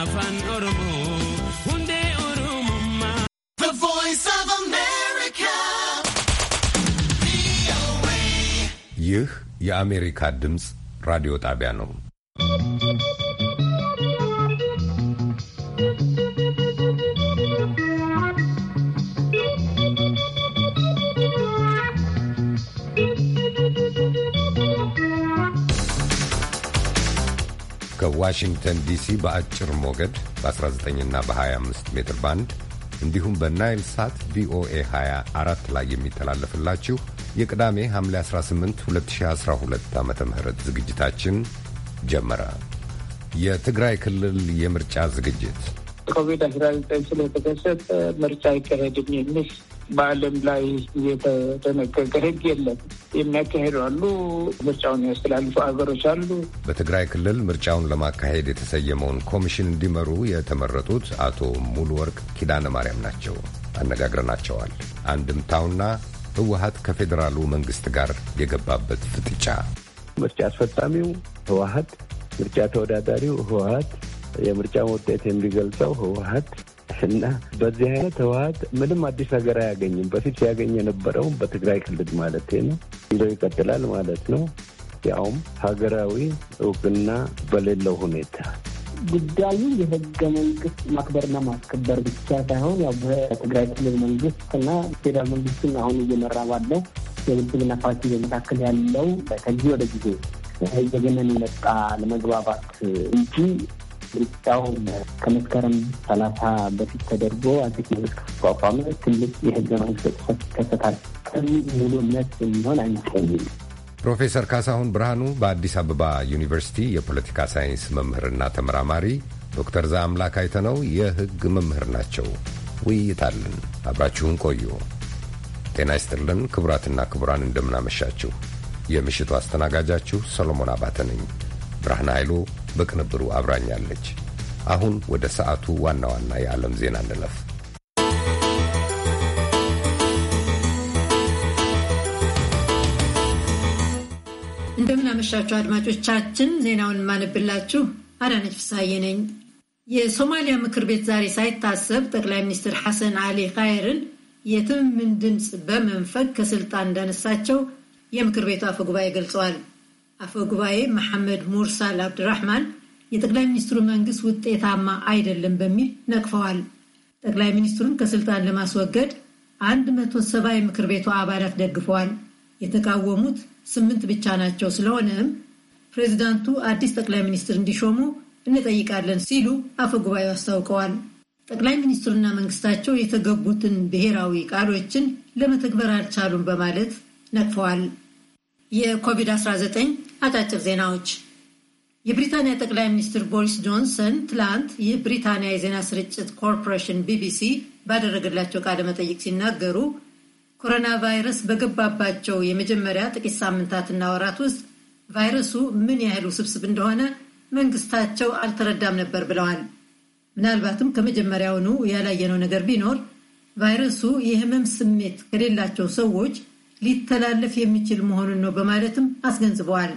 afan oromo hunde oromumma the voice of america ይህ የአሜሪካ ድምፅ ራዲዮ ጣቢያ ነው በዋሽንግተን ዲሲ በአጭር ሞገድ በ19ና በ25 ሜትር ባንድ እንዲሁም በናይል ሳት ቪኦኤ 24 ላይ የሚተላለፍላችሁ የቅዳሜ ሐምሌ 18 2012 ዓ ም ዝግጅታችን ጀመረ። የትግራይ ክልል የምርጫ ዝግጅት ኮቪድ-19 ስለተከሰተ ምርጫ አይካሄድም የሚል በዓለም ላይ የተደነገገ ህግ የለም። የሚያካሄዱ አሉ፣ ምርጫውን ያስተላልፉ ሀገሮች አሉ። በትግራይ ክልል ምርጫውን ለማካሄድ የተሰየመውን ኮሚሽን እንዲመሩ የተመረጡት አቶ ሙሉ ወርቅ ኪዳነ ማርያም ናቸው። አነጋግረናቸዋል። አንድምታውና ህወሀት ከፌዴራሉ መንግስት ጋር የገባበት ፍጥጫ ምርጫ አስፈጻሚው ህወሀት፣ ምርጫ ተወዳዳሪው ህወሀት፣ የምርጫ ውጤት የሚገልጸው ህወሀት እና በዚህ አይነት ህወሀት ምንም አዲስ ነገር አያገኝም። በፊት ሲያገኝ የነበረው በትግራይ ክልል ማለት ነው ይዘው ይቀጥላል ማለት ነው። ያውም ሀገራዊ እውቅና በሌለው ሁኔታ ጉዳዩ የህገ መንግስት ማክበርና ማስከበር ብቻ ሳይሆን ያው በትግራይ ክልል መንግስት እና ፌዴራል መንግስትን አሁን እየመራ ባለው የብልጽግና ፓርቲ በመካከል ያለው ከጊዜ ወደ ጊዜ እየገነን የመጣ ለመግባባት እንጂ ምርጫውን ከመስከረም ሰላሳ በፊት ተደርጎ አዲስ መንግስት ከተቋቋመ ትልቅ የህገ መንግስት ጥሰት ይከሰታል ከሚል ሙሉ እምነት የሚሆን አይመስለኝም። ፕሮፌሰር ካሳሁን ብርሃኑ በአዲስ አበባ ዩኒቨርሲቲ የፖለቲካ ሳይንስ መምህርና ተመራማሪ፣ ዶክተር ዘአምላክ አይተነው የህግ መምህር ናቸው። ውይይት አለን። አብራችሁን ቆዩ። ጤና ይስጥልን ክቡራትና ክቡራን፣ እንደምናመሻችሁ። የምሽቱ አስተናጋጃችሁ ሰሎሞን አባተ ነኝ። ብርሃን ኃይሉ በቅንብሩ አብራኛለች። አሁን ወደ ሰዓቱ ዋና ዋና የዓለም ዜና እንለፍ። እንደምናመሻችሁ አድማጮቻችን፣ ዜናውን የማነብላችሁ አዳነች ፍሳዬ ነኝ። የሶማሊያ ምክር ቤት ዛሬ ሳይታሰብ ጠቅላይ ሚኒስትር ሐሰን አሊ ካየርን የትምምን ድምፅ በመንፈግ ከስልጣን እንዳነሳቸው የምክር ቤቱ አፈ ጉባኤ ገልጸዋል። አፈ ጉባኤ መሐመድ ሙርሳል አብድራህማን የጠቅላይ ሚኒስትሩ መንግስት ውጤታማ አይደለም በሚል ነቅፈዋል። ጠቅላይ ሚኒስትሩን ከስልጣን ለማስወገድ አንድ መቶ ሰባ የምክር ቤቱ አባላት ደግፈዋል። የተቃወሙት ስምንት ብቻ ናቸው። ስለሆነም ፕሬዚዳንቱ አዲስ ጠቅላይ ሚኒስትር እንዲሾሙ እንጠይቃለን ሲሉ አፈ ጉባኤው አስታውቀዋል። ጠቅላይ ሚኒስትሩና መንግስታቸው የተገቡትን ብሔራዊ ቃሎችን ለመተግበር አልቻሉም በማለት ነቅፈዋል። የኮቪድ-19 አጫጭር ዜናዎች። የብሪታንያ ጠቅላይ ሚኒስትር ቦሪስ ጆንሰን ትላንት የብሪታንያ የዜና ስርጭት ኮርፖሬሽን ቢቢሲ ባደረገላቸው ቃለ መጠይቅ ሲናገሩ ኮሮና ቫይረስ በገባባቸው የመጀመሪያ ጥቂት ሳምንታትና ወራት ውስጥ ቫይረሱ ምን ያህል ውስብስብ እንደሆነ መንግስታቸው አልተረዳም ነበር ብለዋል። ምናልባትም ከመጀመሪያውኑ ያላየነው ነገር ቢኖር ቫይረሱ የህመም ስሜት ከሌላቸው ሰዎች ሊተላለፍ የሚችል መሆኑን ነው በማለትም አስገንዝበዋል።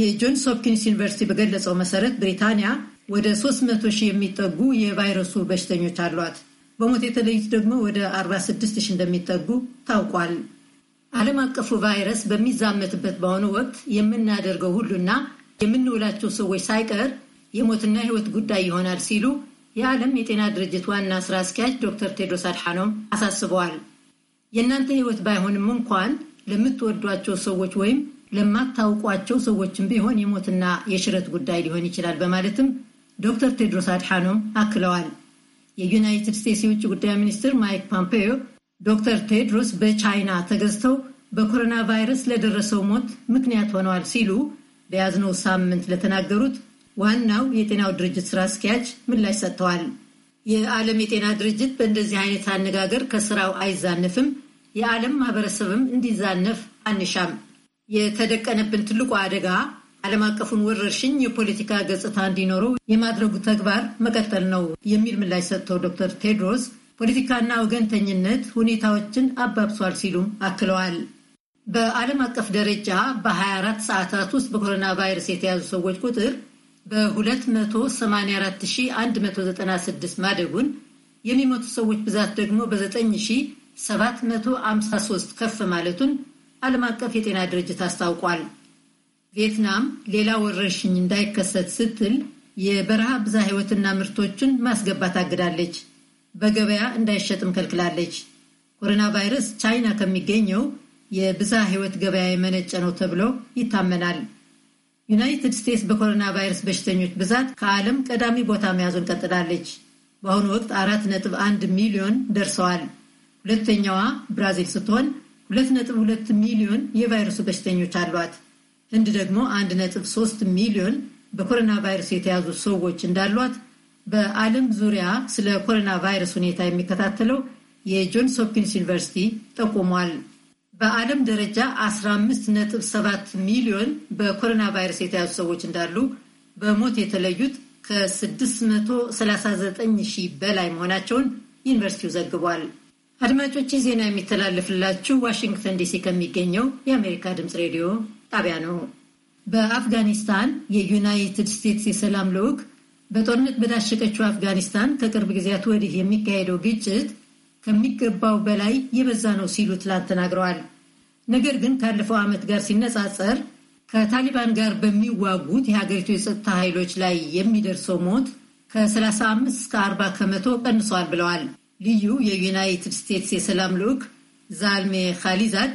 የጆንስ ሆፕኪንስ ዩኒቨርሲቲ በገለጸው መሰረት ብሪታንያ ወደ 300 ሺህ የሚጠጉ የቫይረሱ በሽተኞች አሏት። በሞት የተለዩት ደግሞ ወደ 46 ሺህ እንደሚጠጉ ታውቋል። ዓለም አቀፉ ቫይረስ በሚዛመትበት በአሁኑ ወቅት የምናደርገው ሁሉና የምንውላቸው ሰዎች ሳይቀር የሞትና ሕይወት ጉዳይ ይሆናል ሲሉ የዓለም የጤና ድርጅት ዋና ስራ አስኪያጅ ዶክተር ቴድሮስ አድሓኖም አሳስበዋል። የእናንተ ሕይወት ባይሆንም እንኳን ለምትወዷቸው ሰዎች ወይም ለማታውቋቸው ሰዎችም ቢሆን የሞትና የሽረት ጉዳይ ሊሆን ይችላል በማለትም ዶክተር ቴድሮስ አድሓኖም አክለዋል። የዩናይትድ ስቴትስ የውጭ ጉዳይ ሚኒስትር ማይክ ፖምፔዮ ዶክተር ቴድሮስ በቻይና ተገዝተው በኮሮና ቫይረስ ለደረሰው ሞት ምክንያት ሆነዋል ሲሉ በያዝነው ሳምንት ለተናገሩት ዋናው የጤናው ድርጅት ስራ አስኪያጅ ምላሽ ሰጥተዋል። የዓለም የጤና ድርጅት በእንደዚህ አይነት አነጋገር ከስራው አይዛነፍም፣ የዓለም ማህበረሰብም እንዲዛነፍ አንሻም የተደቀነብን ትልቁ አደጋ ዓለም አቀፉን ወረርሽኝ የፖለቲካ ገጽታ እንዲኖረው የማድረጉ ተግባር መቀጠል ነው የሚል ምላሽ ሰጥተው ዶክተር ቴድሮስ ፖለቲካና ወገንተኝነት ሁኔታዎችን አባብሷል ሲሉም አክለዋል። በዓለም አቀፍ ደረጃ በ24 ሰዓታት ውስጥ በኮሮና ቫይረስ የተያዙ ሰዎች ቁጥር በ284196 ማደጉን የሚሞቱ ሰዎች ብዛት ደግሞ በ9753 ከፍ ማለቱን ዓለም አቀፍ የጤና ድርጅት አስታውቋል። ቪየትናም ሌላ ወረርሽኝ እንዳይከሰት ስትል የበረሃ ብዝሃ ሕይወትና ምርቶችን ማስገባት አግዳለች፣ በገበያ እንዳይሸጥም ከልክላለች። ኮሮና ቫይረስ ቻይና ከሚገኘው የብዝሃ ሕይወት ገበያ የመነጨ ነው ተብሎ ይታመናል። ዩናይትድ ስቴትስ በኮሮና ቫይረስ በሽተኞች ብዛት ከዓለም ቀዳሚ ቦታ መያዙን ቀጥላለች። በአሁኑ ወቅት አራት ነጥብ አንድ ሚሊዮን ደርሰዋል። ሁለተኛዋ ብራዚል ስትሆን 2.2 ሚሊዮን የቫይረሱ በሽተኞች አሏት። ህንድ ደግሞ 1.3 ሚሊዮን በኮሮና ቫይረስ የተያዙ ሰዎች እንዳሏት በዓለም ዙሪያ ስለ ኮሮና ቫይረስ ሁኔታ የሚከታተለው የጆንስ ሆፕኪንስ ዩኒቨርሲቲ ጠቁሟል። በዓለም ደረጃ 15.7 ሚሊዮን በኮሮና ቫይረስ የተያዙ ሰዎች እንዳሉ በሞት የተለዩት ከ639 ሺህ በላይ መሆናቸውን ዩኒቨርሲቲው ዘግቧል። አድማጮች ዜና የሚተላለፍላችሁ ዋሽንግተን ዲሲ ከሚገኘው የአሜሪካ ድምፅ ሬዲዮ ጣቢያ ነው። በአፍጋኒስታን የዩናይትድ ስቴትስ የሰላም ልዑክ በጦርነት በዳሸቀችው አፍጋኒስታን ከቅርብ ጊዜያት ወዲህ የሚካሄደው ግጭት ከሚገባው በላይ የበዛ ነው ሲሉ ትላንት ተናግረዋል። ነገር ግን ካለፈው ዓመት ጋር ሲነጻጸር ከታሊባን ጋር በሚዋጉት የሀገሪቱ የጸጥታ ኃይሎች ላይ የሚደርሰው ሞት ከ35 እስከ 40 ከመቶ ቀንሷል ብለዋል። ልዩ የዩናይትድ ስቴትስ የሰላም ልዑክ ዛልሜ ካሊዛድ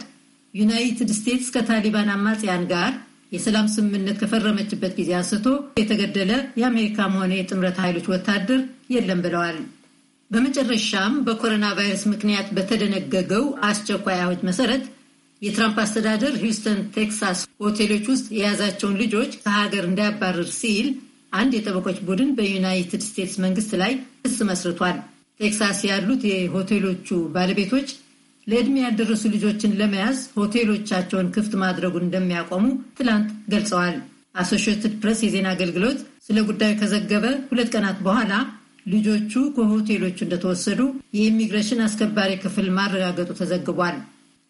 ዩናይትድ ስቴትስ ከታሊባን አማጽያን ጋር የሰላም ስምምነት ከፈረመችበት ጊዜ አንስቶ የተገደለ የአሜሪካም ሆነ የጥምረት ኃይሎች ወታደር የለም ብለዋል። በመጨረሻም በኮሮና ቫይረስ ምክንያት በተደነገገው አስቸኳይ አዋጅ መሰረት የትራምፕ አስተዳደር ሂውስተን፣ ቴክሳስ ሆቴሎች ውስጥ የያዛቸውን ልጆች ከሀገር እንዳያባረር ሲል አንድ የጠበቆች ቡድን በዩናይትድ ስቴትስ መንግስት ላይ ክስ መስርቷል። ቴክሳስ ያሉት የሆቴሎቹ ባለቤቶች ለዕድሜ ያልደረሱ ልጆችን ለመያዝ ሆቴሎቻቸውን ክፍት ማድረጉን እንደሚያቆሙ ትላንት ገልጸዋል። አሶሽትድ ፕሬስ የዜና አገልግሎት ስለ ጉዳዩ ከዘገበ ሁለት ቀናት በኋላ ልጆቹ ከሆቴሎቹ እንደተወሰዱ የኢሚግሬሽን አስከባሪ ክፍል ማረጋገጡ ተዘግቧል።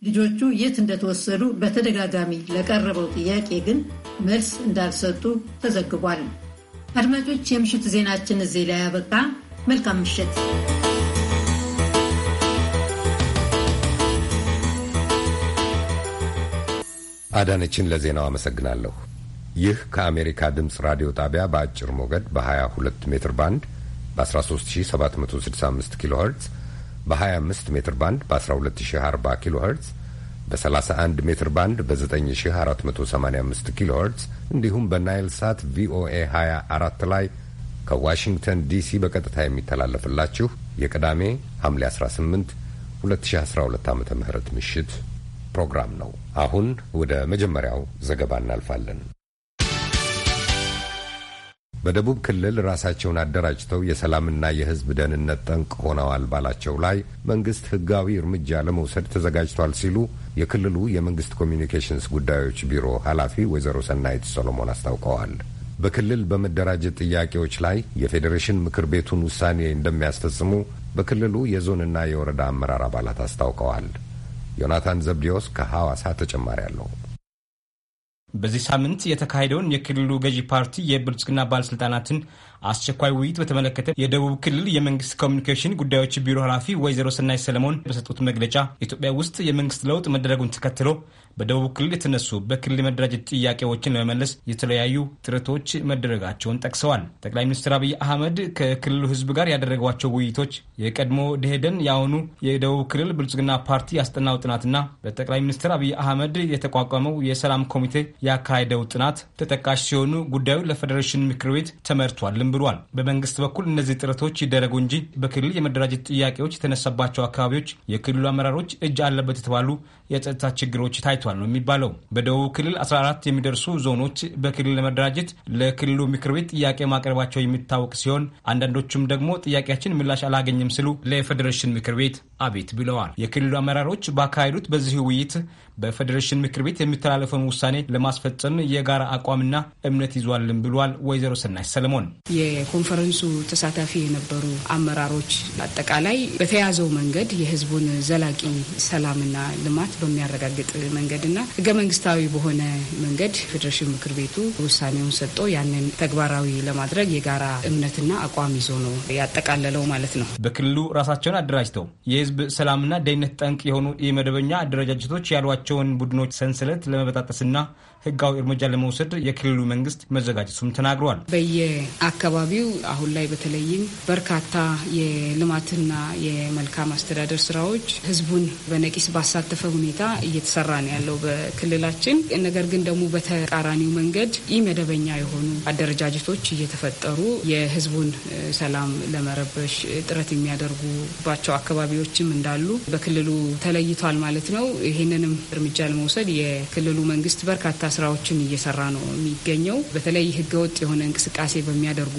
ልጆቹ የት እንደተወሰዱ በተደጋጋሚ ለቀረበው ጥያቄ ግን መልስ እንዳልሰጡ ተዘግቧል። አድማጮች፣ የምሽት ዜናችን እዚህ ላይ አበቃ መልካም ምሽት። አዳነችን ለዜናው አመሰግናለሁ። ይህ ከአሜሪካ ድምፅ ራዲዮ ጣቢያ በአጭር ሞገድ በ22 ሜትር ባንድ በ13765 ኪሎ ኸርትዝ በ25 ሜትር ባንድ በ1240 ኪሎ ኸርትዝ በ31 ሜትር ባንድ በ9485 ኪሎ ኸርትዝ እንዲሁም በናይል ሳት ቪኦኤ 24 ላይ ከዋሽንግተን ዲሲ በቀጥታ የሚተላለፍላችሁ የቅዳሜ ሐምሌ 18 2012 ዓ ም ምሽት ፕሮግራም ነው። አሁን ወደ መጀመሪያው ዘገባ እናልፋለን። በደቡብ ክልል ራሳቸውን አደራጅተው የሰላምና የሕዝብ ደህንነት ጠንቅ ሆነዋል ባላቸው ላይ መንግስት ሕጋዊ እርምጃ ለመውሰድ ተዘጋጅቷል ሲሉ የክልሉ የመንግስት ኮሚኒኬሽንስ ጉዳዮች ቢሮ ኃላፊ ወይዘሮ ሰናይት ሰሎሞን አስታውቀዋል። በክልል በመደራጀት ጥያቄዎች ላይ የፌዴሬሽን ምክር ቤቱን ውሳኔ እንደሚያስፈጽሙ በክልሉ የዞንና የወረዳ አመራር አባላት አስታውቀዋል። ዮናታን ዘብዲዮስ ከሐዋሳ ተጨማሪ አለው። በዚህ ሳምንት የተካሄደውን የክልሉ ገዢ ፓርቲ የብልጽግና ባለሥልጣናትን አስቸኳይ ውይይት በተመለከተ የደቡብ ክልል የመንግስት ኮሚኒኬሽን ጉዳዮች ቢሮ ኃላፊ ወይዘሮ ሰናይ ሰለሞን በሰጡት መግለጫ ኢትዮጵያ ውስጥ የመንግስት ለውጥ መደረጉን ተከትሎ በደቡብ ክልል የተነሱ በክልል መደራጀት ጥያቄዎችን ለመመለስ የተለያዩ ጥረቶች መደረጋቸውን ጠቅሰዋል። ጠቅላይ ሚኒስትር አብይ አህመድ ከክልሉ ህዝብ ጋር ያደረጓቸው ውይይቶች የቀድሞ ደሄደን የአሁኑ የደቡብ ክልል ብልጽግና ፓርቲ ያስጠናው ጥናትና በጠቅላይ ሚኒስትር አብይ አህመድ የተቋቋመው የሰላም ኮሚቴ ያካሄደው ጥናት ተጠቃሽ ሲሆኑ ጉዳዩ ለፌዴሬሽን ምክር ቤት ተመርቷልም ብሏል። በመንግስት በኩል እነዚህ ጥረቶች ይደረጉ እንጂ በክልል የመደራጀት ጥያቄዎች የተነሳባቸው አካባቢዎች የክልሉ አመራሮች እጅ አለበት የተባሉ የጸጥታ ችግሮች ታይቷል ነው የሚባለው። በደቡብ ክልል 14 የሚደርሱ ዞኖች በክልል ለመደራጀት ለክልሉ ምክር ቤት ጥያቄ ማቅረባቸው የሚታወቅ ሲሆን አንዳንዶቹም ደግሞ ጥያቄያችን ምላሽ አላገኘም ሲሉ ለፌዴሬሽን ምክር ቤት አቤት ብለዋል። የክልሉ አመራሮች ባካሄዱት በዚህ ውይይት በፌዴሬሽን ምክር ቤት የሚተላለፈውን ውሳኔ ለማስፈጸም የጋራ አቋምና እምነት ይዟልን ብሏል። ወይዘሮ ስናሽ ሰለሞን የኮንፈረንሱ ተሳታፊ የነበሩ አመራሮች አጠቃላይ በተያዘው መንገድ የህዝቡን ዘላቂ ሰላምና ልማት በሚያረጋግጥ መንገድና ህገ መንግስታዊ በሆነ መንገድ ፌዴሬሽን ምክር ቤቱ ውሳኔውን ሰጥቶ ያንን ተግባራዊ ለማድረግ የጋራ እምነትና አቋም ይዞ ነው ያጠቃለለው ማለት ነው። በክልሉ ራሳቸውን አደራጅተው የህዝብ ሰላምና ደህንነት ጠንቅ የሆኑ የመደበኛ አደረጃጀቶች ያሏቸው ያሏቸውን ቡድኖች ሰንሰለት ለመበጣጠስና ህጋዊ እርምጃ ለመውሰድ የክልሉ መንግስት መዘጋጀቱም ተናግሯል። በየአካባቢው አሁን ላይ በተለይም በርካታ የልማትና የመልካም አስተዳደር ስራዎች ህዝቡን በነቂስ ባሳተፈ ሁኔታ እየተሰራ ነው ያለው በክልላችን። ነገር ግን ደግሞ በተቃራኒው መንገድ መደበኛ የሆኑ አደረጃጀቶች እየተፈጠሩ የህዝቡን ሰላም ለመረበሽ ጥረት የሚያደርጉባቸው አካባቢዎችም እንዳሉ በክልሉ ተለይቷል ማለት ነው። ይህንንም እርምጃ ለመውሰድ የክልሉ መንግስት በርካታ ስራዎችን እየሰራ ነው የሚገኘው። በተለይ ህገወጥ የሆነ እንቅስቃሴ በሚያደርጉ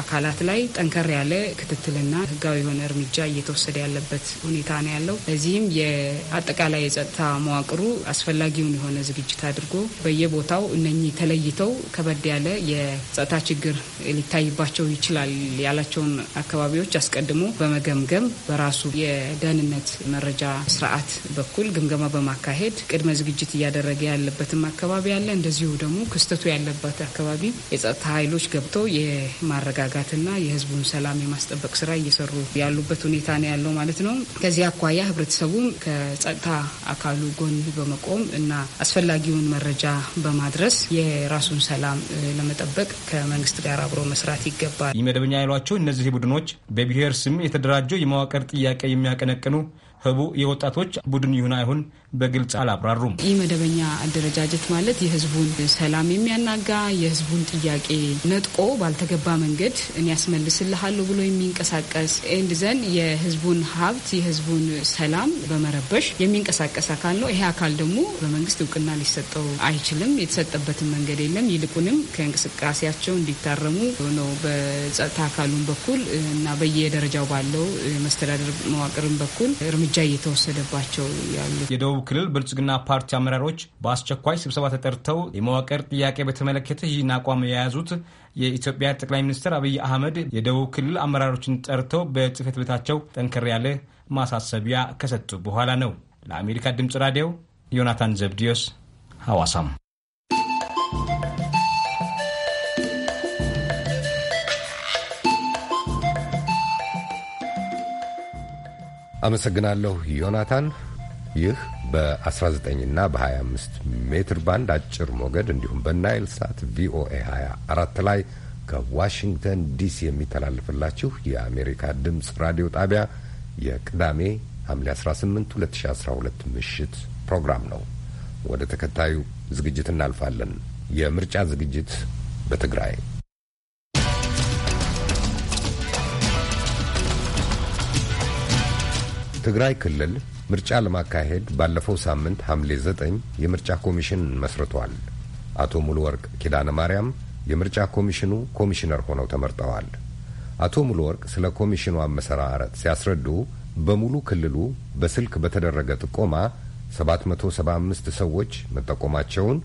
አካላት ላይ ጠንከር ያለ ክትትልና ህጋዊ የሆነ እርምጃ እየተወሰደ ያለበት ሁኔታ ነው ያለው። ለዚህም የአጠቃላይ የጸጥታ መዋቅሩ አስፈላጊውን የሆነ ዝግጅት አድርጎ በየቦታው እነኚህ ተለይተው ከበድ ያለ የጸጥታ ችግር ሊታይባቸው ይችላል ያላቸውን አካባቢዎች አስቀድሞ በመገምገም በራሱ የደህንነት መረጃ ስርዓት በኩል ግምገማ በማካሄድ ቅድመ ዝግጅት እያደረገ ያለበትም አካባቢ ያለ እንደዚሁ ደግሞ ክስተቱ ያለበት አካባቢ የጸጥታ ኃይሎች ገብተው የማረጋጋትና የህዝቡን ሰላም የማስጠበቅ ስራ እየሰሩ ያሉበት ሁኔታ ነው ያለው ማለት ነው። ከዚህ አኳያ ህብረተሰቡም ከጸጥታ አካሉ ጎን በመቆም እና አስፈላጊውን መረጃ በማድረስ የራሱን ሰላም ለመጠበቅ ከመንግስት ጋር አብሮ መስራት ይገባል። መደበኛ ያሏቸው እነዚህ ቡድኖች በብሔር ስም የተደራጀው የመዋቅር ጥያቄ የሚያቀነቅኑ ህቡ የወጣቶች ቡድን ይሁን አይሁን በግልጽ አላብራሩም። ይህ መደበኛ አደረጃጀት ማለት የህዝቡን ሰላም የሚያናጋ የህዝቡን ጥያቄ ነጥቆ ባልተገባ መንገድ እኔ ያስመልስልሃለሁ ብሎ የሚንቀሳቀስ ኤንድ ዘን የህዝቡን ሀብት የህዝቡን ሰላም በመረበሽ የሚንቀሳቀስ አካል ነው። ይሄ አካል ደግሞ በመንግስት እውቅና ሊሰጠው አይችልም። የተሰጠበትን መንገድ የለም። ይልቁንም ከእንቅስቃሴያቸው እንዲታረሙ ነው በጸጥታ አካሉን በኩል እና በየደረጃው ባለው መስተዳደር መዋቅርን በኩል እርምጃ እየተወሰደባቸው ያሉ የደቡብ ክልል ብልጽግና ፓርቲ አመራሮች በአስቸኳይ ስብሰባ ተጠርተው የመዋቅር ጥያቄ በተመለከተ ይህን አቋም የያዙት የኢትዮጵያ ጠቅላይ ሚኒስትር አብይ አህመድ የደቡብ ክልል አመራሮችን ጠርተው በጽህፈት ቤታቸው ጠንከር ያለ ማሳሰቢያ ከሰጡ በኋላ ነው። ለአሜሪካ ድምፅ ራዲዮ ዮናታን ዘብዲዮስ ሐዋሳም። አመሰግናለሁ ዮናታን። ይህ በ19 እና በ25 ሜትር ባንድ አጭር ሞገድ እንዲሁም በናይል ሳት ቪኦኤ 24 ላይ ከዋሽንግተን ዲሲ የሚተላለፍላችሁ የአሜሪካ ድምፅ ራዲዮ ጣቢያ የቅዳሜ ሐምሌ 18 2012 ምሽት ፕሮግራም ነው። ወደ ተከታዩ ዝግጅት እናልፋለን። የምርጫ ዝግጅት በትግራይ ትግራይ ክልል ምርጫ ለማካሄድ ባለፈው ሳምንት ሐምሌ ዘጠኝ የምርጫ ኮሚሽን መስርቷል። አቶ ሙሉ ወርቅ ኪዳነ ማርያም የምርጫ ኮሚሽኑ ኮሚሽነር ሆነው ተመርጠዋል። አቶ ሙሉ ወርቅ ስለ ኮሚሽኑ አመሰራረት ሲያስረዱ በሙሉ ክልሉ በስልክ በተደረገ ጥቆማ 775 ሰዎች መጠቆማቸውን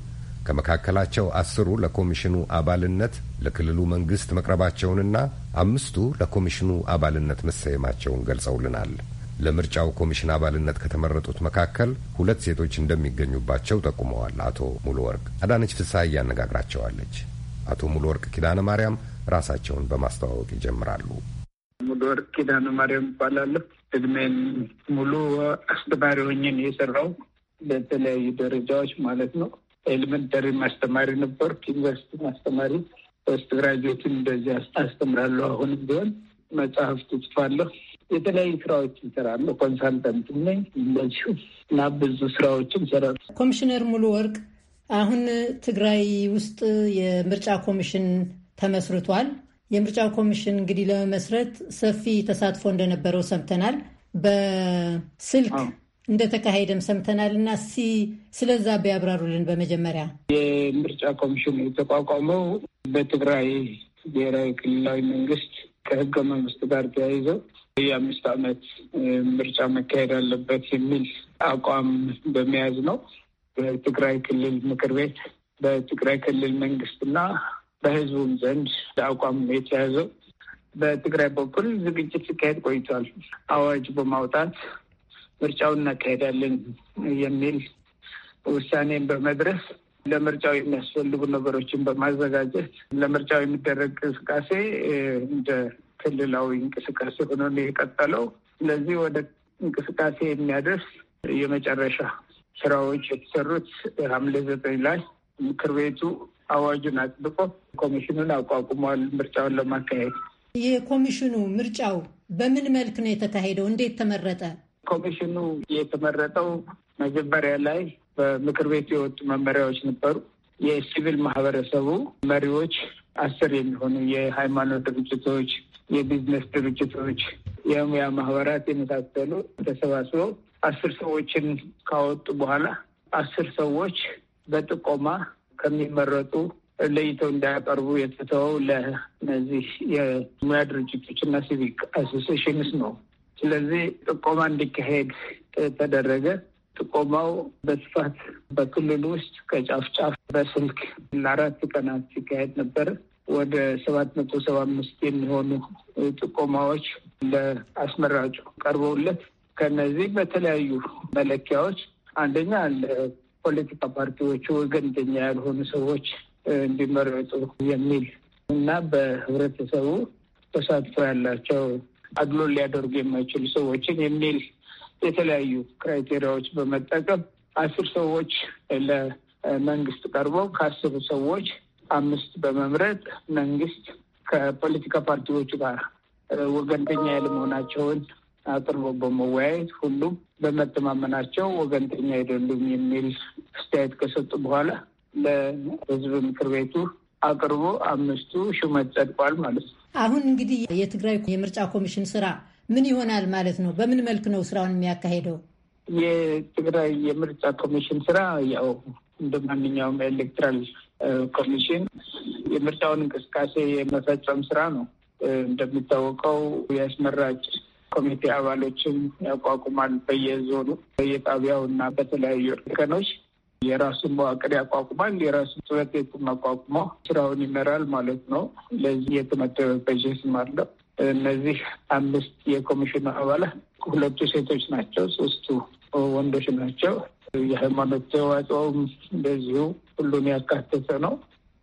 ከመካከላቸው አስሩ ለኮሚሽኑ አባልነት ለክልሉ መንግስት መቅረባቸውንና አምስቱ ለኮሚሽኑ አባልነት መሰየማቸውን ገልጸውልናል። ለምርጫው ኮሚሽን አባልነት ከተመረጡት መካከል ሁለት ሴቶች እንደሚገኙባቸው ጠቁመዋል። አቶ ሙሉ ወርቅ አዳነች ፍሳ እያነጋግራቸዋለች። አቶ ሙሉ ወርቅ ኪዳነ ማርያም ራሳቸውን በማስተዋወቅ ይጀምራሉ። ሙሉ ወርቅ ኪዳነ ማርያም ይባላለሁ። እድሜን ሙሉ አስተማሪ ሆኜን የሰራው በተለያዩ ደረጃዎች ማለት ነው። ኤሌመንተሪ ማስተማሪ ነበር ዩኒቨርሲቲ ማስተማሪ፣ ፖስት ግራጁዌትን እንደዚህ አስተምራለሁ። አሁንም ቢሆን መጽሐፍ ትጽፋለሁ የተለያዩ ስራዎች ይሰራሉ ኮንሳልተንት ነኝ እንደዚሁ እና ብዙ ስራዎችን እሰራለሁ። ኮሚሽነር ሙሉ ወርቅ አሁን ትግራይ ውስጥ የምርጫ ኮሚሽን ተመስርቷል። የምርጫ ኮሚሽን እንግዲህ ለመመስረት ሰፊ ተሳትፎ እንደነበረው ሰምተናል። በስልክ እንደተካሄደም ሰምተናል እና ሲ ስለዛ ቢያብራሩልን። በመጀመሪያ የምርጫ ኮሚሽኑ የተቋቋመው በትግራይ ብሔራዊ ክልላዊ መንግስት ከህገ መንግስት ጋር ተያይዘው የአምስት ዓመት ምርጫ መካሄድ አለበት የሚል አቋም በመያዝ ነው በትግራይ ክልል ምክር ቤት በትግራይ ክልል መንግስትና በህዝቡም ዘንድ አቋም የተያዘው። በትግራይ በኩል ዝግጅት ሲካሄድ ቆይቷል። አዋጅ በማውጣት ምርጫውን እናካሄዳለን የሚል ውሳኔን በመድረስ ለምርጫው የሚያስፈልጉ ነገሮችን በማዘጋጀት ለምርጫው የሚደረግ እንቅስቃሴ እንደ ክልላዊ እንቅስቃሴ ሆኖ ነው የቀጠለው። ስለዚህ ወደ እንቅስቃሴ የሚያደርስ የመጨረሻ ስራዎች የተሰሩት ሐምሌ ዘጠኝ ላይ ምክር ቤቱ አዋጁን አጽድቆ ኮሚሽኑን አቋቁሟል ምርጫውን ለማካሄድ። የኮሚሽኑ ምርጫው በምን መልክ ነው የተካሄደው? እንዴት ተመረጠ? ኮሚሽኑ የተመረጠው መጀመሪያ ላይ በምክር ቤቱ የወጡ መመሪያዎች ነበሩ። የሲቪል ማህበረሰቡ መሪዎች አስር የሚሆኑ የሃይማኖት ድርጅቶች፣ የቢዝነስ ድርጅቶች፣ የሙያ ማህበራት የመሳሰሉ ተሰባስበው አስር ሰዎችን ካወጡ በኋላ አስር ሰዎች በጥቆማ ከሚመረጡ ለይተው እንዳያቀርቡ የተተወው ለነዚህ የሙያ ድርጅቶች እና ሲቪክ አሶሴሽንስ ነው። ስለዚህ ጥቆማ እንዲካሄድ ተደረገ። ጥቆማው በስፋት በክልል ውስጥ ከጫፍ ጫፍ በስልክ ለአራት ቀናት ሲካሄድ ነበር። ወደ ሰባት መቶ ሰባ አምስት የሚሆኑ ጥቆማዎች ለአስመራጩ ቀርበውለት ከነዚህ በተለያዩ መለኪያዎች አንደኛ ለፖለቲካ ፓርቲዎቹ ወገንተኛ ያልሆኑ ሰዎች እንዲመረጡ የሚል እና በህብረተሰቡ ተሳትፎ ያላቸው አድሎ ሊያደርጉ የማይችሉ ሰዎችን የሚል የተለያዩ ክራይቴሪያዎች በመጠቀም አስር ሰዎች ለመንግስት ቀርበው ከአስሩ ሰዎች አምስት በመምረጥ መንግስት ከፖለቲካ ፓርቲዎቹ ጋር ወገንተኛ ያለመሆናቸውን አቅርቦ በመወያየት ሁሉም በመተማመናቸው ወገንተኛ አይደሉም የሚል አስተያየት ከሰጡ በኋላ ለህዝብ ምክር ቤቱ አቅርቦ አምስቱ ሹመት ጸድቋል ማለት ነው። አሁን እንግዲህ የትግራይ የምርጫ ኮሚሽን ስራ ምን ይሆናል ማለት ነው? በምን መልክ ነው ስራውን የሚያካሄደው? የትግራይ የምርጫ ኮሚሽን ስራ ያው እንደ ማንኛውም ኤሌክትራል ኮሚሽን የምርጫውን እንቅስቃሴ የመፈጸም ስራ ነው። እንደሚታወቀው የአስመራጭ ኮሚቴ አባሎችን ያቋቁማል። በየዞኑ በየጣቢያው እና በተለያዩ እርከኖች የራሱን መዋቅር ያቋቁማል። የራሱን ጽሕፈት ቤት አቋቁሞ ስራውን ይመራል ማለት ነው። ለዚህ የተመደበ በጀትም አለው። እነዚህ አምስት የኮሚሽኑ አባላት ሁለቱ ሴቶች ናቸው፣ ሶስቱ ወንዶች ናቸው። የሃይማኖት ተዋጽኦም እንደዚሁ ሁሉን ያካተተ ነው።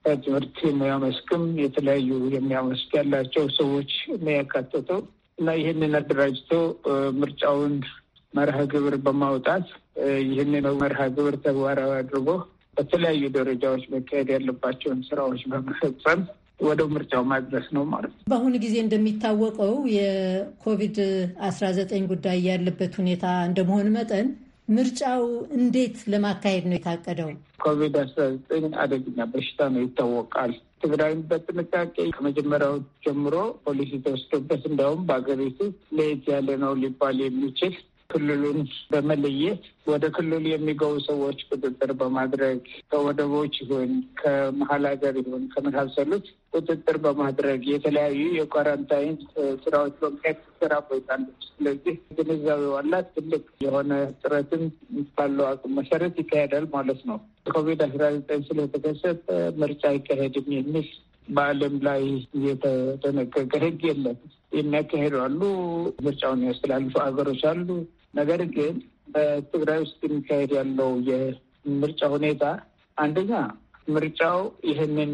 በትምህርት የሙያ መስክም የተለያዩ የሙያ መስክ ያላቸው ሰዎች ነው ያካተተው እና ይህንን አደራጅቶ ምርጫውን መርሃ ግብር በማውጣት ይህንን መርሃ ግብር ተግባራዊ አድርጎ በተለያዩ ደረጃዎች መካሄድ ያለባቸውን ስራዎች በመፈጸም ወደ ምርጫው ማድረስ ነው ማለት ነው። በአሁኑ ጊዜ እንደሚታወቀው የኮቪድ አስራ ዘጠኝ ጉዳይ ያለበት ሁኔታ እንደመሆን መጠን ምርጫው እንዴት ለማካሄድ ነው የታቀደው? ኮቪድ አስራ ዘጠኝ አደገኛ በሽታ ነው ይታወቃል። ትግራይም በጥንቃቄ ከመጀመሪያው ጀምሮ ፖሊሲ ተወስዶበት እንደውም በሀገሪቱ ለየት ያለ ነው ሊባል የሚችል ክልሉን በመለየት ወደ ክልሉ የሚገቡ ሰዎች ቁጥጥር በማድረግ ከወደቦች ይሁን ከመሀል ሀገር ይሁን ከመሳሰሉት ቁጥጥር በማድረግ የተለያዩ የኳረንታይን ስራዎች በምክንያት ስራ ቆይታለች። ስለዚህ ግንዛቤ ዋላት ትልቅ የሆነ ጥረትም ባለው አቅም መሰረት ይካሄዳል ማለት ነው። ኮቪድ አስራ ዘጠኝ ስለተከሰተ ምርጫ አይካሄድም የሚል በዓለም ላይ የተደነገገ ህግ የለም። የሚያካሄዱ አሉ፣ ምርጫውን ያስተላልፉ ሀገሮች አሉ። ነገር ግን በትግራይ ውስጥ የሚካሄድ ያለው የምርጫ ሁኔታ አንደኛ ምርጫው ይህንን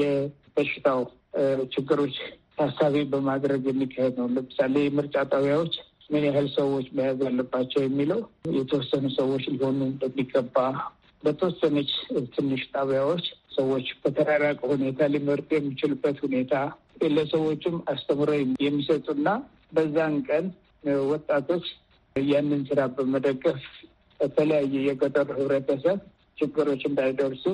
የበሽታው ችግሮች ታሳቢ በማድረግ የሚካሄድ ነው። ለምሳሌ ምርጫ ጣቢያዎች ምን ያህል ሰዎች መያዝ አለባቸው የሚለው የተወሰኑ ሰዎች ሊሆኑ እንደሚገባ በተወሰነች ትንሽ ጣቢያዎች ሰዎች በተራራቀ ሁኔታ ሊመርጡ የሚችሉበት ሁኔታ ለሰዎችም አስተምረው የሚሰጡና በዛን ቀን ወጣቶች ያንን ስራ በመደገፍ በተለያየ የገጠር ህብረተሰብ ችግሮች እንዳይደርሱ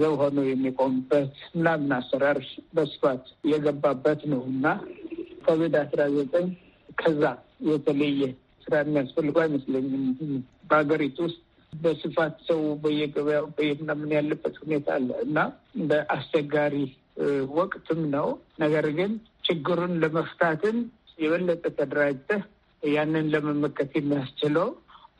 ዘው ሆኖ የሚቆሙበት ምናምን አሰራር በስፋት የገባበት ነው እና ኮቪድ አስራ ዘጠኝ ከዛ የተለየ ስራ የሚያስፈልገው አይመስለኝም በሀገሪቱ ውስጥ በስፋት ሰው በየገበያው በየምናምን ያለበት ሁኔታ አለ እና በአስቸጋሪ ወቅትም ነው። ነገር ግን ችግሩን ለመፍታትን የበለጠ ተደራጅተህ ያንን ለመመከት የሚያስችለው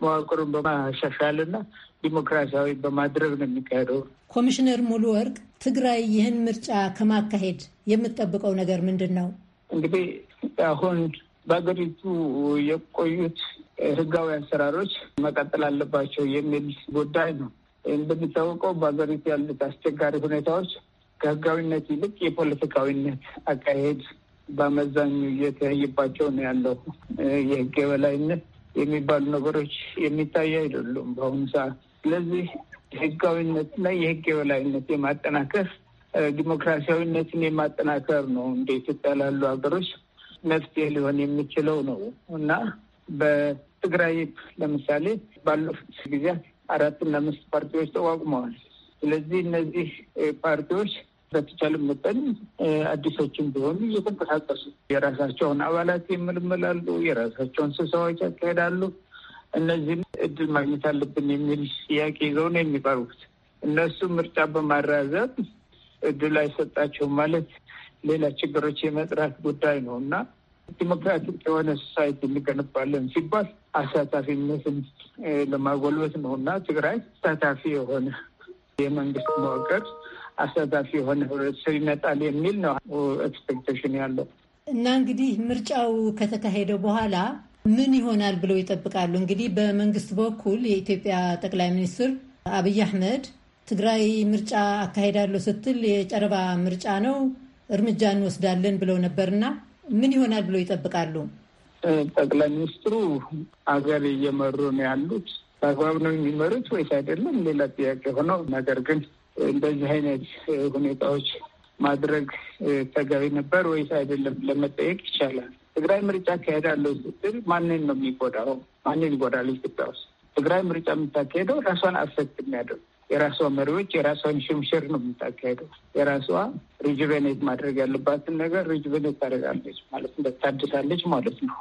መዋቅሩን በማሻሻልና ዲሞክራሲያዊ በማድረግ ነው የሚካሄደው። ኮሚሽነር ሙሉ ወርቅ፣ ትግራይ ይህን ምርጫ ከማካሄድ የምትጠብቀው ነገር ምንድን ነው? እንግዲህ አሁን በሀገሪቱ የቆዩት ህጋዊ አሰራሮች መቀጠል አለባቸው የሚል ጉዳይ ነው። እንደሚታወቀው በሀገሪቱ ያሉት አስቸጋሪ ሁኔታዎች ከህጋዊነት ይልቅ የፖለቲካዊነት አካሄድ በአመዛኙ እየተያይባቸው ነው ያለው። የህግ የበላይነት የሚባሉ ነገሮች የሚታይ አይደሉም በአሁኑ ሰዓት። ስለዚህ ህጋዊነትና የህግ የበላይነት የማጠናከር ዲሞክራሲያዊነትን የማጠናከር ነው እንደ ኢትዮጵያ ላሉ ሀገሮች መፍትሄ ሊሆን የሚችለው ነው እና በትግራይ ለምሳሌ ባለፉት ጊዜያት አራትና አምስት ፓርቲዎች ተቋቁመዋል። ስለዚህ እነዚህ ፓርቲዎች በተቻለ መጠን አዲሶችን ቢሆኑ እየተንቀሳቀሱ የራሳቸውን አባላት ይመልመላሉ፣ የራሳቸውን ስብሰባዎች ያካሄዳሉ። እነዚህም እድል ማግኘት አለብን የሚል ጥያቄ ይዘው ነው የሚቀርቡት። እነሱ ምርጫ በማራዘም እድል አይሰጣቸውም ማለት ሌላ ችግሮች የመጥራት ጉዳይ ነው እና ዲሞክራቲክ የሆነ ሶሳይቲ እንገነባለን ሲባል አሳታፊነትን ለማጎልበት ነው እና ትግራይ አሳታፊ የሆነ የመንግስት መዋቅር አሳታፊ የሆነ ህብረተሰብ ይመጣል የሚል ነው ኤክስፔክቴሽን ያለው እና እንግዲህ ምርጫው ከተካሄደ በኋላ ምን ይሆናል ብለው ይጠብቃሉ? እንግዲህ በመንግስት በኩል የኢትዮጵያ ጠቅላይ ሚኒስትር አብይ አህመድ ትግራይ ምርጫ አካሄዳለሁ ስትል የጨረባ ምርጫ ነው እርምጃ እንወስዳለን ብለው ነበርና ምን ይሆናል ብሎ ይጠብቃሉ? ጠቅላይ ሚኒስትሩ አገር እየመሩ ነው ያሉት። በአግባብ ነው የሚመሩት ወይስ አይደለም ሌላ ጥያቄ ሆነው፣ ነገር ግን እንደዚህ አይነት ሁኔታዎች ማድረግ ተገቢ ነበር ወይስ አይደለም ለመጠየቅ ይቻላል። ትግራይ ምርጫ አካሄዳለሁ ስትል ማንን ነው የሚጎዳው? ማንን ይጎዳል? ኢትዮጵያ ውስጥ ትግራይ ምርጫ የምታካሄደው ራሷን አፌክት የሚያደርጉ የራሷ መሪዎች የራሷን ሽምሽር ነው የምታካሄደው። የራሷ ሪጅቬኔት ማድረግ ያለባትን ነገር ሪጅቬኔት ታደርጋለች ማለት ታድሳለች ማለት ነው።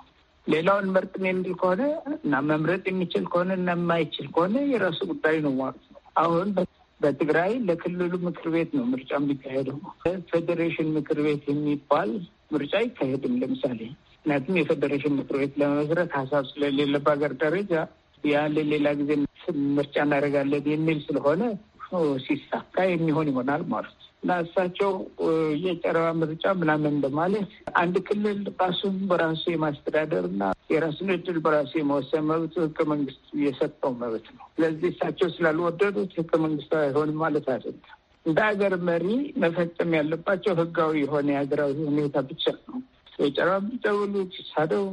ሌላውን መርጥን የሚል ከሆነ እና መምረጥ የሚችል ከሆነ እና የማይችል ከሆነ የራሱ ጉዳይ ነው ማለት ነው። አሁን በትግራይ ለክልሉ ምክር ቤት ነው ምርጫ የሚካሄደው። ፌዴሬሽን ምክር ቤት የሚባል ምርጫ አይካሄድም። ለምሳሌ ምክንያቱም የፌዴሬሽን ምክር ቤት ለመመስረት ሀሳብ ስለሌለ በሀገር ደረጃ ያለ ሌላ ጊዜ ምርጫ እናደርጋለን የሚል ስለሆነ ሲሳካ የሚሆን ይሆናል ማለት እና እሳቸው የጨረባ ምርጫ ምናምን በማለት አንድ ክልል ራሱን በራሱ የማስተዳደር እና የራሱን እድል በራሱ የመወሰን መብት ህገ መንግስት የሰጠው መብት ነው። ስለዚህ እሳቸው ስላልወደዱት ህገ መንግስት አይሆንም ማለት አይደለም። እንደ ሀገር መሪ መፈጸም ያለባቸው ህጋዊ የሆነ የሀገራዊ ሁኔታ ብቻ ነው። ጨራም ይጨበሉ ሳደው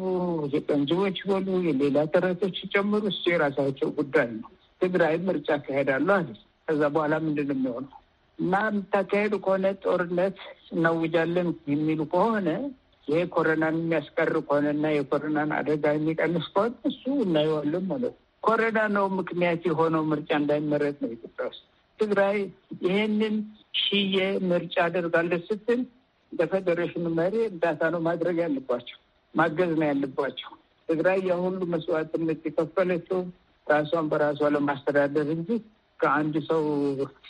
ቀንጅቦች በሉ የሌላ ተረቶች ሲጨምሩ እሱ የራሳቸው ጉዳይ ነው። ትግራይ ምርጫ አካሄዳለሁ አለ። ከዛ በኋላ ምንድን ነው የሚሆነው? እና የምታካሄዱ ከሆነ ጦርነት እናውጃለን የሚሉ ከሆነ ይሄ ኮረናን የሚያስቀር ከሆነና የኮረናን አደጋ የሚቀንስ ከሆነ እሱ እናየዋለን ማለት ነው። ኮረና ነው ምክንያት የሆነው ምርጫ እንዳይመረጥ ነው ኢትዮጵያ ውስጥ። ትግራይ ይሄንን ሽዬ ምርጫ አደርጋለሁ ስትል በፌዴሬሽኑ መሪ እርዳታ ነው ማድረግ ያለባቸው፣ ማገዝ ነው ያለባቸው። ትግራይ የሁሉ መስዋዕትነት የከፈለችው ራሷን በራሷ ለማስተዳደር እንጂ ከአንድ ሰው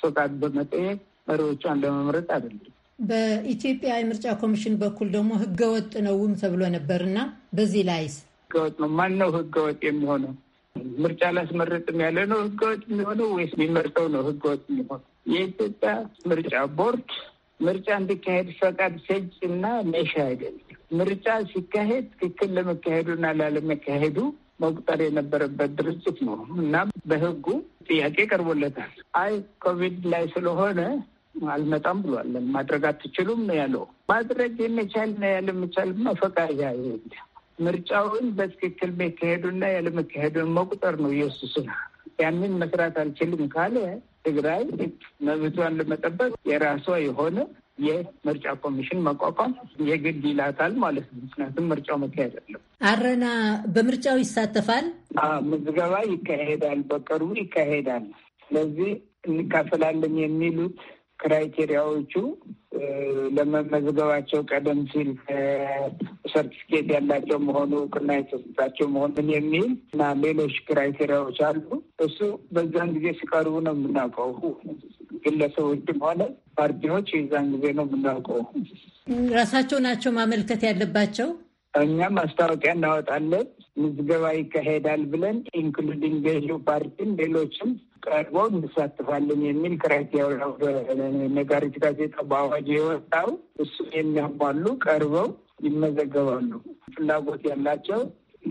ፈቃድ በመጠየቅ መሪዎቿን ለመምረጥ አይደለም። በኢትዮጵያ የምርጫ ኮሚሽን በኩል ደግሞ ህገወጥ ነውም ተብሎ ነበር በዚህ ላይስ ህገወጥ ነው ማን ነው ህገወጥ የሚሆነው? ምርጫ ላስመረጥም ያለ ነው ህገወጥ የሚሆነው ወይስ የሚመርጠው ነው ህገወጥ የሚሆነው? የኢትዮጵያ ምርጫ ቦርድ ምርጫ እንዲካሄድ ፈቃድ ሰጭ እና መሻ አይደለም። ምርጫ ሲካሄድ ትክክል ለመካሄዱና ላለመካሄዱ መቁጠር የነበረበት ድርጅት ነው እና በህጉ ጥያቄ ቀርቦለታል። አይ ኮቪድ ላይ ስለሆነ አልመጣም ብሏል። ማድረግ አትችሉም ነው ያለው። ማድረግ የሚቻል ና ያለመቻል ፈቃድ ምርጫውን በትክክል መካሄዱና ያለመካሄዱን መቁጠር ነው። ኢየሱስ ያንን መስራት አልችልም ካለ ትግራይ መብቷን ለመጠበቅ የራሷ የሆነ የምርጫ ኮሚሽን መቋቋም የግድ ይላታል ማለት ነው። ምክንያቱም ምርጫው መካሄድ አለው። አረና በምርጫው ይሳተፋል። ምዝገባ ይካሄዳል፣ በቅርቡ ይካሄዳል። ስለዚህ እንካፈላለን የሚሉት ክራይቴሪያዎቹ ለመመዝገባቸው ቀደም ሲል ሰርቲፊኬት ያላቸው መሆኑ እውቅና የተሰጣቸው መሆኑን የሚል እና ሌሎች ክራይቴሪያዎች አሉ። እሱ በዛን ጊዜ ሲቀርቡ ነው የምናውቀው። ግለሰቦችም ሆነ ፓርቲዎች የዛን ጊዜ ነው የምናውቀው። ራሳቸው ናቸው ማመልከት ያለባቸው። እኛ ማስታወቂያ እናወጣለን፣ ምዝገባ ይካሄዳል ብለን ኢንክሉዲንግ ገዢው ፓርቲን ሌሎችም ቀርበው እንሳተፋለን የሚል ክራይቴሪያ ነጋሪት ጋዜጣ በአዋጅ የወጣው እሱ የሚያሟሉ ቀርበው ይመዘገባሉ። ፍላጎት ያላቸው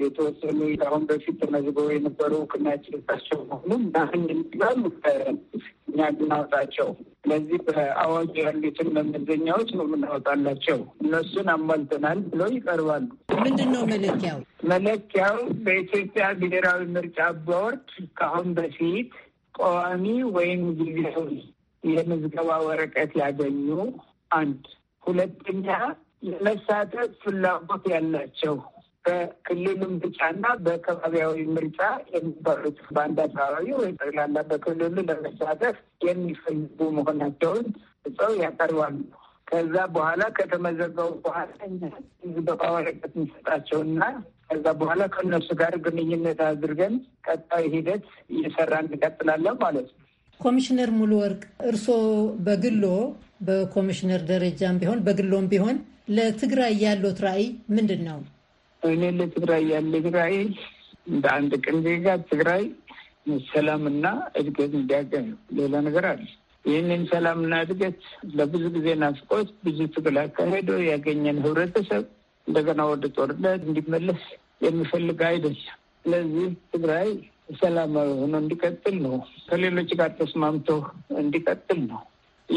የተወሰኑ አሁን በፊት ተመዝግበው የነበሩ እውቅናችን የሌላቸው መሆኑን ናህን የሚባሉ እኛ ብናወጣቸው ስለዚህ በአዋጅ ያሉትን መመዘኛዎች ነው የምናወጣላቸው። እነሱን አሟልተናል ብለው ይቀርባሉ። ምንድን ነው መለኪያው? መለኪያው በኢትዮጵያ ብሔራዊ ምርጫ ቦርድ ከአሁን በፊት ቋሚ ወይም ጊዜያዊ የምዝገባ ወረቀት ያገኙ አንድ ሁለተኛ ለመሳተፍ ፍላጎት ያላቸው በክልልም ምርጫና በከባቢያዊ ምርጫ የሚባሉት በአንድ አካባቢ ወይም ጠቅላላ በክልሉ ለመሳተፍ የሚፈልጉ መሆናቸውን እጸው ያቀርባሉ። ከዛ በኋላ ከተመዘገቡ በኋላ ምዝገባ ወረቀት እንሰጣቸውና ከዛ በኋላ ከእነሱ ጋር ግንኙነት አድርገን ቀጣይ ሂደት እየሰራ እንቀጥላለን ማለት ነው። ኮሚሽነር ሙሉ ወርቅ እርስዎ በግሎ በኮሚሽነር ደረጃም ቢሆን በግሎም ቢሆን ለትግራይ ያለት ራዕይ ምንድን ነው? እኔ ለትግራይ ያለኝ ራዕይ እንደ አንድ ቅን ዜጋ ትግራይ ሰላምና እድገት እንዲያገኝ ሌላ ነገር አለ። ይህንን ሰላምና እድገት ለብዙ ጊዜ ናፍቆት ብዙ ትግል አካሄዶ ያገኘን ህብረተሰብ እንደገና ወደ ጦርነት እንዲመለስ የሚፈልግ አይደለም። ስለዚህ ትግራይ ሰላማዊ ሆኖ እንዲቀጥል ነው፣ ከሌሎች ጋር ተስማምቶ እንዲቀጥል ነው።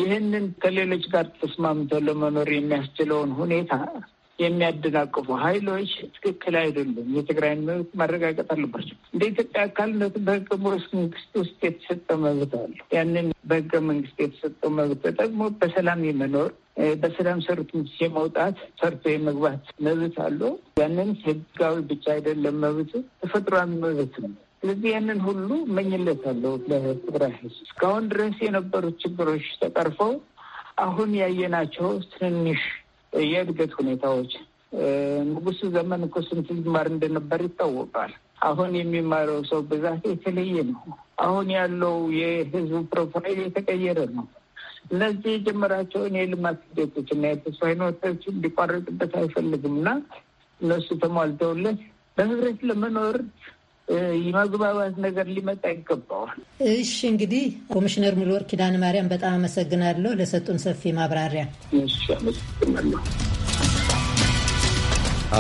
ይህንን ከሌሎች ጋር ተስማምቶ ለመኖር የሚያስችለውን ሁኔታ የሚያደናቅፉ ኃይሎች ትክክል አይደሉም። የትግራይን መብት ማረጋገጥ አለባቸው። እንደ ኢትዮጵያ አካልነት በህገ መንግስት ውስጥ የተሰጠ መብት አለ። ያንን በህገ መንግስት የተሰጠው መብት ተጠቅሞ በሰላም የመኖር በሰላም ሰርቶ የመውጣት ሰርቶ የመግባት መብት አሉ። ያንን ህጋዊ ብቻ አይደለም መብቱ፣ ተፈጥሯዊ መብት ነው። ስለዚህ ያንን ሁሉ መኝለታለሁ ለትግራይ ህዝብ። እስካሁን ድረስ የነበሩት ችግሮች ተቀርፈው አሁን ያየናቸው ትንንሽ የእድገት ሁኔታዎች ንጉሱ ዘመን እኮ ስንት ይማር እንደነበር ይታወቃል። አሁን የሚማረው ሰው ብዛት የተለየ ነው። አሁን ያለው የህዝቡ ፕሮፋይል የተቀየረ ነው። እነዚህ የጀመራቸውን የልማት ሂደቶች እና የተስፋ ህይወቶች እንዲቋረጥበት አይፈልግም እና እነሱ ተሟልተውለት በህብረት ለመኖር የመግባባት ነገር ሊመጣ ይገባዋል። እሺ እንግዲህ ኮሚሽነር ሙልወር ኪዳነ ማርያም በጣም አመሰግናለሁ ለሰጡን ሰፊ ማብራሪያ።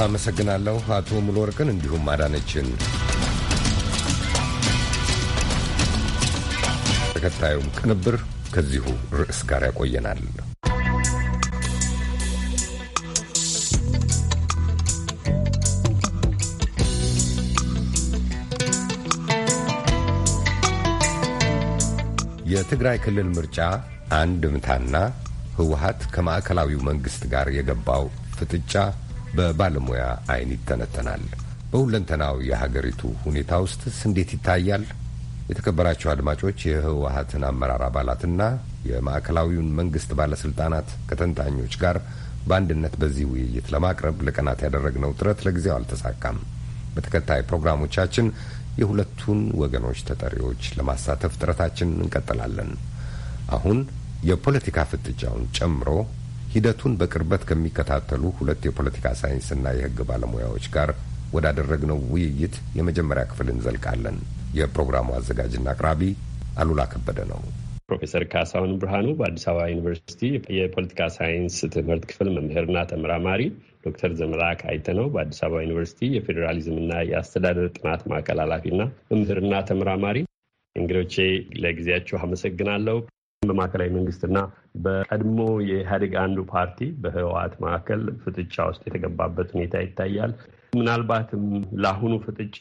አመሰግናለሁ። አቶ ሙልወርቅን እንዲሁም አዳነችን። ተከታዩም ቅንብር ከዚሁ ርዕስ ጋር ያቆየናል። የትግራይ ክልል ምርጫ አንድምታና ህወሀት ከማዕከላዊው መንግስት ጋር የገባው ፍጥጫ በባለሙያ አይን ይተነተናል። በሁለንተናው የሀገሪቱ ሁኔታ ውስጥስ እንዴት ይታያል? የተከበራቸው አድማጮች የህወሀትን አመራር አባላትና የማዕከላዊውን መንግስት ባለስልጣናት ከተንታኞች ጋር በአንድነት በዚህ ውይይት ለማቅረብ ለቀናት ያደረግነው ጥረት ለጊዜው አልተሳካም። በተከታይ ፕሮግራሞቻችን የሁለቱን ወገኖች ተጠሪዎች ለማሳተፍ ጥረታችን እንቀጥላለን። አሁን የፖለቲካ ፍጥጫውን ጨምሮ ሂደቱን በቅርበት ከሚከታተሉ ሁለት የፖለቲካ ሳይንስና የሕግ ባለሙያዎች ጋር ወዳደረግነው ውይይት የመጀመሪያ ክፍል እንዘልቃለን። የፕሮግራሙ አዘጋጅና አቅራቢ አሉላ ከበደ ነው። ፕሮፌሰር ካሳሁን ብርሃኑ በአዲስ አበባ ዩኒቨርሲቲ የፖለቲካ ሳይንስ ትምህርት ክፍል መምህርና ተመራማሪ፣ ዶክተር ዘመላክ አይተነው በአዲስ አበባ ዩኒቨርሲቲ የፌዴራሊዝምና የአስተዳደር ጥናት ማዕከል ኃላፊና መምህርና ተመራማሪ። እንግዶቼ ለጊዜያችሁ አመሰግናለሁ። በማዕከላዊ መንግስትና በቀድሞ የኢህአዴግ አንዱ ፓርቲ በህወሓት መካከል ፍጥጫ ውስጥ የተገባበት ሁኔታ ይታያል። ምናልባትም ለአሁኑ ፍጥጫ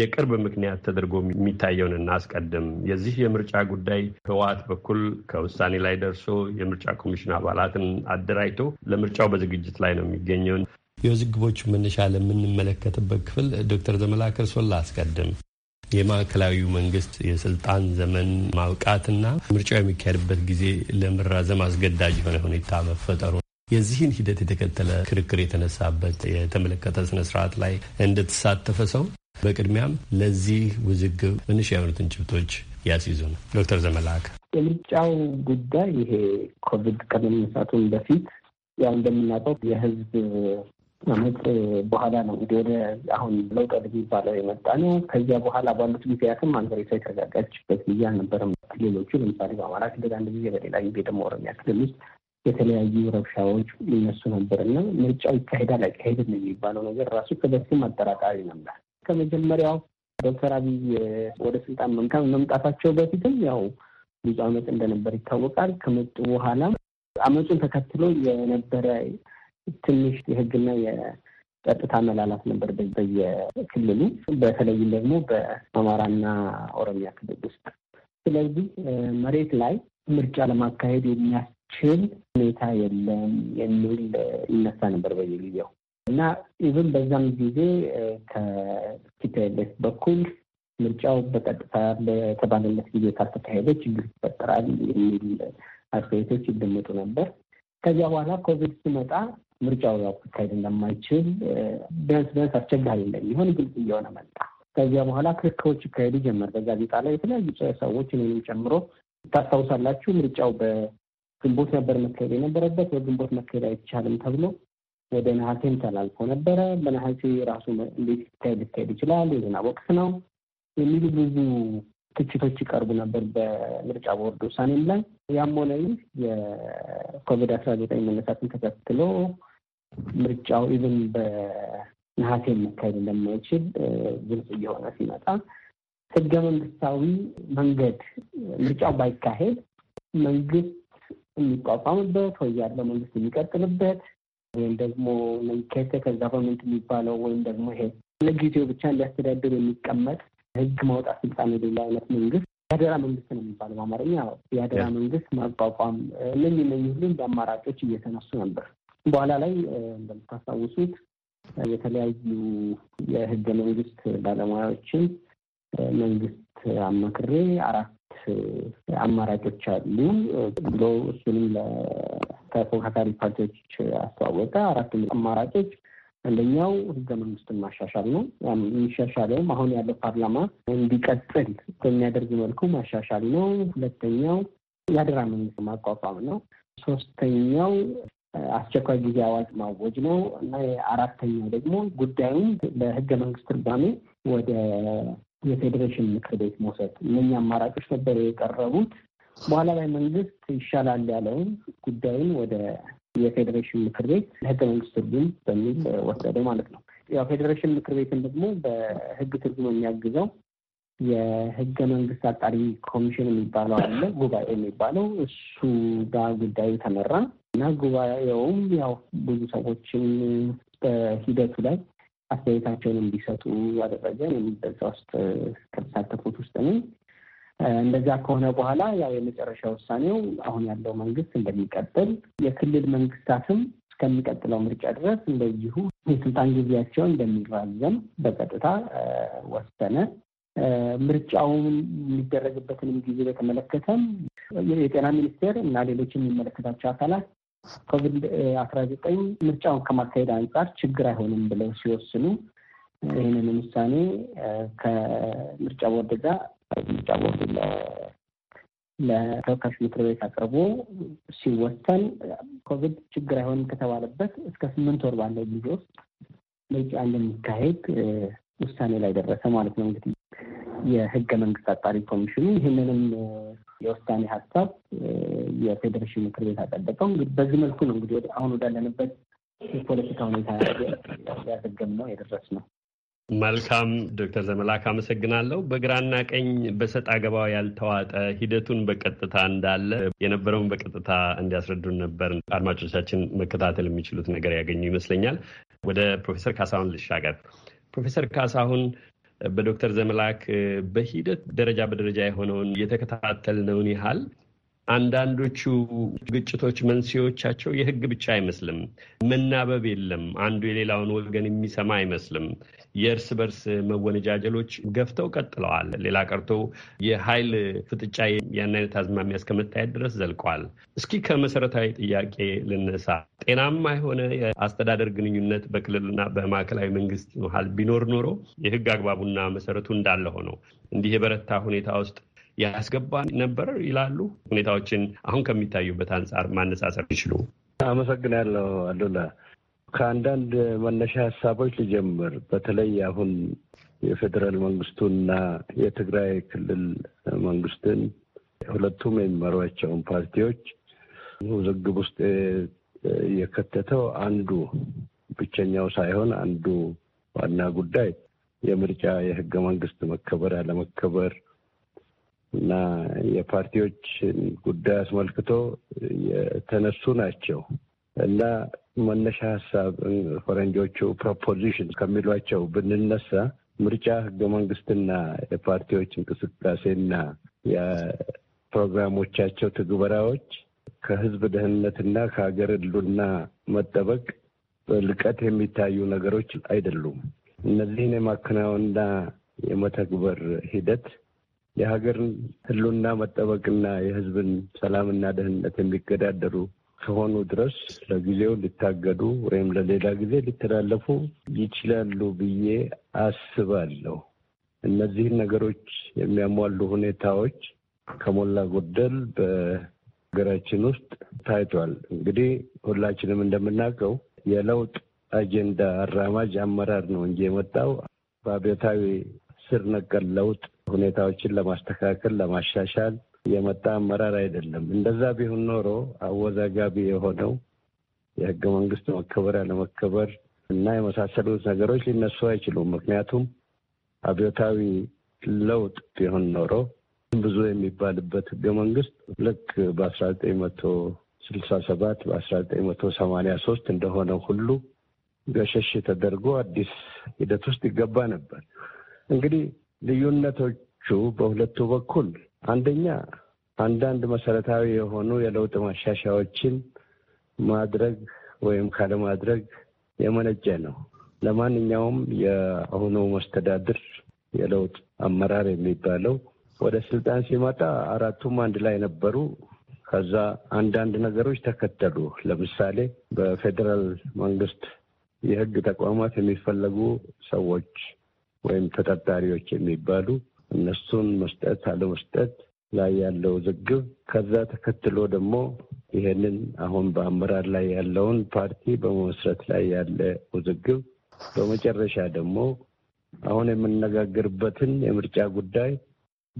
የቅርብ ምክንያት ተደርጎ የሚታየውን እናስቀድም። የዚህ የምርጫ ጉዳይ ህወሓት በኩል ከውሳኔ ላይ ደርሶ የምርጫ ኮሚሽን አባላትን አደራጅቶ ለምርጫው በዝግጅት ላይ ነው የሚገኘውን የውዝግቦቹ መነሻ ለምንመለከትበት ክፍል ዶክተር ዘመላ ከርሶን ላስቀድም። የማዕከላዊው መንግስት የስልጣን ዘመን ማብቃትና ምርጫው የሚካሄድበት ጊዜ ለመራዘም አስገዳጅ የሆነ ሁኔታ መፈጠሩ የዚህን ሂደት የተከተለ ክርክር የተነሳበት የተመለከተ ስነስርዓት ላይ እንደተሳተፈ ሰው በቅድሚያም ለዚህ ውዝግብ ትንሽ የሆኑትን ጭብጦች ያስይዙ ነው። ዶክተር ዘመላክ የምርጫው ጉዳይ ይሄ ኮቪድ ከመነሳቱን በፊት ያው እንደምናውቀው የህዝብ አመት በኋላ ነው እንግዲህ ወደ አሁን ለውጥ የሚባለው የመጣ ነው። ከዚያ በኋላ ባሉት ጊዜያትም ሀገሪቷ የተረጋጋችበት ጊዜ አልነበረም። ክልሎቹ ለምሳሌ በአማራ ክልል አንድ ጊዜ፣ በሌላ ጊዜ ደግሞ ኦሮሚያ ክልል ውስጥ የተለያዩ ረብሻዎች ይነሱ ነበር እና ምርጫው ይካሄዳል አይካሄድም የሚባለው ነገር ራሱ ከበፊትም አጠራጣሪ ነበር። ከመጀመሪያው ዶክተር አብይ ወደ ስልጣን መምጣት መምጣታቸው በፊትም ያው ብዙ አመፅ እንደነበር ይታወቃል። ከመጡ በኋላም አመፁን ተከትሎ የነበረ ትንሽ የህግና የጸጥታ መላላት ነበር በየክልሉ በተለይም ደግሞ በአማራና ኦሮሚያ ክልል ውስጥ። ስለዚህ መሬት ላይ ምርጫ ለማካሄድ የሚያስ የሚችል ሁኔታ የለም የሚል ይነሳ ነበር በየጊዜው እና ኢቨን በዛም ጊዜ ከቲፒኤልኤፍ በኩል ምርጫው በቀጥታ በተባለለት ጊዜ ካልተካሄደ ችግር ይፈጠራል የሚል አስተያየቶች ይደመጡ ነበር። ከዚያ በኋላ ኮቪድ ሲመጣ ምርጫው ያው መካሄድ እንደማይችል ቢያንስ ቢያንስ አስቸጋሪ እንደሚሆን ግልጽ እየሆነ መጣ። ከዚያ በኋላ ክርክሮች ይካሄዱ ጀመር። በጋዜጣ ላይ የተለያዩ ሰዎች እኔንም ጨምሮ ታስታውሳላችሁ፣ ምርጫው ግንቦት ነበር መካሄድ የነበረበት። በግንቦት መካሄድ አይቻልም ተብሎ ወደ ነሐሴም ተላልፎ ነበረ። በነሐሴ ራሱ እንዴት ሊካሄድ ሊካሄድ ይችላል? የዝናብ ወቅት ነው የሚሉ ብዙ ትችቶች ይቀርቡ ነበር በምርጫ ቦርድ ውሳኔም ላይ። ያም ሆነ ይህ የኮቪድ አስራ ዘጠኝ መነሳትን ተከትሎ ምርጫው ኢቨን በነሐሴ መካሄድ እንደማይችል ግልጽ እየሆነ ሲመጣ ህገ መንግስታዊ መንገድ ምርጫው ባይካሄድ መንግስት የሚቋቋምበት ወይ ያለው መንግስት የሚቀጥልበት ወይም ደግሞ ኬርቴከር ጋቨርንመንት የሚባለው ወይም ደግሞ ይሄ ለጊዜው ብቻ እንዲያስተዳድር የሚቀመጥ ህግ ማውጣት ስልጣን የሌለ አይነት መንግስት የአደራ መንግስት ነው የሚባለው በአማርኛ የአደራ መንግስት ማቋቋም እነዚህ እነዚህ ሁሉም በአማራጮች እየተነሱ ነበር። በኋላ ላይ እንደምታስታውሱት የተለያዩ የህገ መንግስት ባለሙያዎችን መንግስት አማክሬ አራት አማራጮች አሉ ብሎ እሱንም ለተፎካካሪ ፓርቲዎች አስተዋወቀ። አራት አማራጮች አንደኛው ህገ መንግስትን ማሻሻል ነው። የሚሻሻለውም አሁን ያለው ፓርላማ እንዲቀጥል በሚያደርግ መልኩ ማሻሻል ነው። ሁለተኛው የአደራ መንግስት ማቋቋም ነው። ሶስተኛው አስቸኳይ ጊዜ አዋጅ ማወጅ ነው እና አራተኛው ደግሞ ጉዳዩን በህገ መንግስት ትርጓሜ ወደ የፌዴሬሽን ምክር ቤት መውሰድ እነኛ አማራጮች ነበር የቀረቡት። በኋላ ላይ መንግስት ይሻላል ያለውን ጉዳዩን ወደ የፌዴሬሽን ምክር ቤት ለህገ መንግስት ትርጉም በሚል ወሰደ ማለት ነው። ያው ፌዴሬሽን ምክር ቤትን ደግሞ በህግ ትርጉም የሚያግዘው የህገ መንግስት አጣሪ ኮሚሽን የሚባለው አለ፣ ጉባኤ የሚባለው እሱ ጋር ጉዳዩ ተመራ እና ጉባኤውም ያው ብዙ ሰዎችን በሂደቱ ላይ አስተያየታቸውን እንዲሰጡ አደረገን። በዛ ውስጥ ከተሳተፉት ውስጥ ነኝ። እንደዛ ከሆነ በኋላ ያው የመጨረሻ ውሳኔው አሁን ያለው መንግስት እንደሚቀጥል የክልል መንግስታትም እስከሚቀጥለው ምርጫ ድረስ እንደዚሁ የስልጣን ጊዜያቸውን እንደሚራዘም በቀጥታ ወሰነ። ምርጫውን የሚደረግበትንም ጊዜ በተመለከተም የጤና ሚኒስቴር እና ሌሎች የሚመለከታቸው አካላት ኮቪድ አስራ ዘጠኝ ምርጫውን ከማካሄድ አንጻር ችግር አይሆንም ብለው ሲወስኑ ይህንን ውሳኔ ከምርጫ ቦርድ ጋር ምርጫ ቦርድ ለተወካዮች ምክር ቤት አቅርቦ ሲወሰን ኮቪድ ችግር አይሆንም ከተባለበት እስከ ስምንት ወር ባለው ጊዜ ውስጥ ምርጫ እንደሚካሄድ ውሳኔ ላይ ደረሰ ማለት ነው እንግዲህ የህገ መንግስት አጣሪ ኮሚሽኑ ይህንንም የውሳኔ ሀሳብ የፌዴሬሽን ምክር ቤት አጸደቀው። በዚህ መልኩ ነው እንግዲህ አሁን ወዳለንበት የፖለቲካ ሁኔታ ያዘገም ነው የደረስ ነው። መልካም ዶክተር ዘመላክ አመሰግናለሁ። በግራና ቀኝ በሰጥ አገባው ያልተዋጠ ሂደቱን በቀጥታ እንዳለ የነበረውን በቀጥታ እንዲያስረዱን ነበር አድማጮቻችን መከታተል የሚችሉት ነገር ያገኙ ይመስለኛል። ወደ ፕሮፌሰር ካሳሁን ልሻገር። ፕሮፌሰር ካሳሁን በዶክተር ዘመላክ በሂደት ደረጃ በደረጃ የሆነውን የተከታተልነውን ያህል አንዳንዶቹ ግጭቶች መንስኤዎቻቸው የሕግ ብቻ አይመስልም። መናበብ የለም። አንዱ የሌላውን ወገን የሚሰማ አይመስልም። የእርስ በርስ መወነጃጀሎች ገፍተው ቀጥለዋል። ሌላ ቀርቶ የኃይል ፍጥጫ ያን አይነት አዝማሚያ እስከመታየት ድረስ ዘልቋል። እስኪ ከመሰረታዊ ጥያቄ ልነሳ። ጤናማ የሆነ የአስተዳደር ግንኙነት በክልልና በማዕከላዊ መንግስት መሀል ቢኖር ኖሮ የህግ አግባቡና መሰረቱ እንዳለ ሆኖ እንዲህ የበረታ ሁኔታ ውስጥ ያስገባ ነበር ይላሉ። ሁኔታዎችን አሁን ከሚታዩበት አንጻር ማነጻጸር ይችሉ። አመሰግናለሁ አሉላ። ከአንዳንድ መነሻ ሀሳቦች ልጀምር። በተለይ አሁን የፌዴራል መንግስቱና የትግራይ ክልል መንግስትን ሁለቱም የሚመሯቸውን ፓርቲዎች ውዝግብ ውስጥ የከተተው አንዱ ብቸኛው ሳይሆን አንዱ ዋና ጉዳይ የምርጫ የህገ መንግስት መከበር አለመከበር እና የፓርቲዎች ጉዳይ አስመልክቶ የተነሱ ናቸው። እና መነሻ ሀሳብ ፈረንጆቹ ፕሮፖዚሽን ከሚሏቸው ብንነሳ ምርጫ ህገ መንግስትና የፓርቲዎች እንቅስቃሴና የፕሮግራሞቻቸው ትግበራዎች ከህዝብ ደህንነትና ከሀገር ህልውና መጠበቅ በልቀት የሚታዩ ነገሮች አይደሉም። እነዚህን የማከናወንና የመተግበር ሂደት የሀገርን ህልውና መጠበቅና የህዝብን ሰላምና ደህንነት የሚገዳደሩ ከሆኑ ድረስ ለጊዜው ሊታገዱ ወይም ለሌላ ጊዜ ሊተላለፉ ይችላሉ ብዬ አስባለሁ። እነዚህን ነገሮች የሚያሟሉ ሁኔታዎች ከሞላ ጎደል በሀገራችን ውስጥ ታይቷል። እንግዲህ ሁላችንም እንደምናውቀው የለውጥ አጀንዳ አራማጅ አመራር ነው እንጂ የመጣው በአብዮታዊ ስር ነቀል ለውጥ ሁኔታዎችን ለማስተካከል፣ ለማሻሻል የመጣ አመራር አይደለም። እንደዛ ቢሆን ኖሮ አወዛጋቢ የሆነው የህገ መንግስት መከበር ያለመከበር እና የመሳሰሉት ነገሮች ሊነሱ አይችሉም። ምክንያቱም አብዮታዊ ለውጥ ቢሆን ኖሮ ብዙ የሚባልበት ህገ መንግስት ልክ በአስራ ዘጠኝ መቶ ስልሳ ሰባት በአስራ ዘጠኝ መቶ ሰማኒያ ሶስት እንደሆነ ሁሉ ገሸሽ ተደርጎ አዲስ ሂደት ውስጥ ይገባ ነበር። እንግዲህ ልዩነቶቹ በሁለቱ በኩል አንደኛ አንዳንድ መሰረታዊ የሆኑ የለውጥ ማሻሻያዎችን ማድረግ ወይም ካለማድረግ የመነጨ ነው። ለማንኛውም የአሁኑ መስተዳድር የለውጥ አመራር የሚባለው ወደ ስልጣን ሲመጣ አራቱም አንድ ላይ ነበሩ። ከዛ አንዳንድ ነገሮች ተከተሉ። ለምሳሌ በፌዴራል መንግስት የህግ ተቋማት የሚፈለጉ ሰዎች ወይም ተጠርጣሪዎች የሚባሉ እነሱን መስጠት አለመስጠት ላይ ያለው ዝግብ ከዛ ተከትሎ ደግሞ ይህንን አሁን በአመራር ላይ ያለውን ፓርቲ በመመስረት ላይ ያለ ውዝግብ በመጨረሻ ደግሞ አሁን የምነጋገርበትን የምርጫ ጉዳይ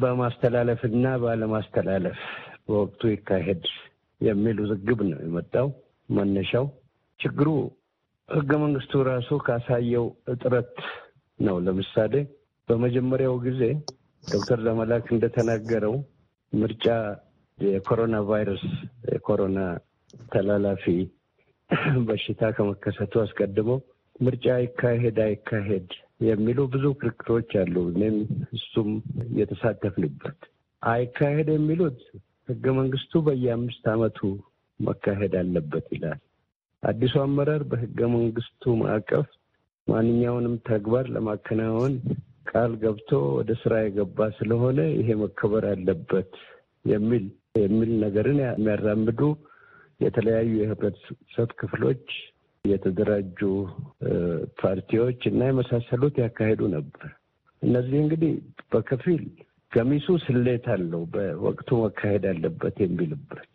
በማስተላለፍ እና ባለማስተላለፍ በወቅቱ ይካሄድ የሚል ውዝግብ ነው የመጣው። መነሻው ችግሩ ህገ መንግስቱ ራሱ ካሳየው እጥረት ነው። ለምሳሌ በመጀመሪያው ጊዜ ዶክተር ለመላክ እንደተናገረው ምርጫ የኮሮና ቫይረስ የኮሮና ተላላፊ በሽታ ከመከሰቱ አስቀድሞ ምርጫ ይካሄድ አይካሄድ የሚሉ ብዙ ክርክሮች አሉ። እኔም እሱም የተሳተፍንበት አይካሄድ የሚሉት ህገ መንግስቱ በየአምስት ዓመቱ መካሄድ አለበት ይላል። አዲሱ አመራር በህገ መንግስቱ ማዕቀፍ ማንኛውንም ተግባር ለማከናወን ቃል ገብቶ ወደ ስራ የገባ ስለሆነ ይሄ መከበር አለበት የሚል የሚል ነገርን የሚያራምዱ የተለያዩ የህብረተሰብ ክፍሎች የተደራጁ ፓርቲዎች እና የመሳሰሉት ያካሄዱ ነበር። እነዚህ እንግዲህ በከፊል ገሚሱ ስሌት አለው። በወቅቱ መካሄድ አለበት የሚልበት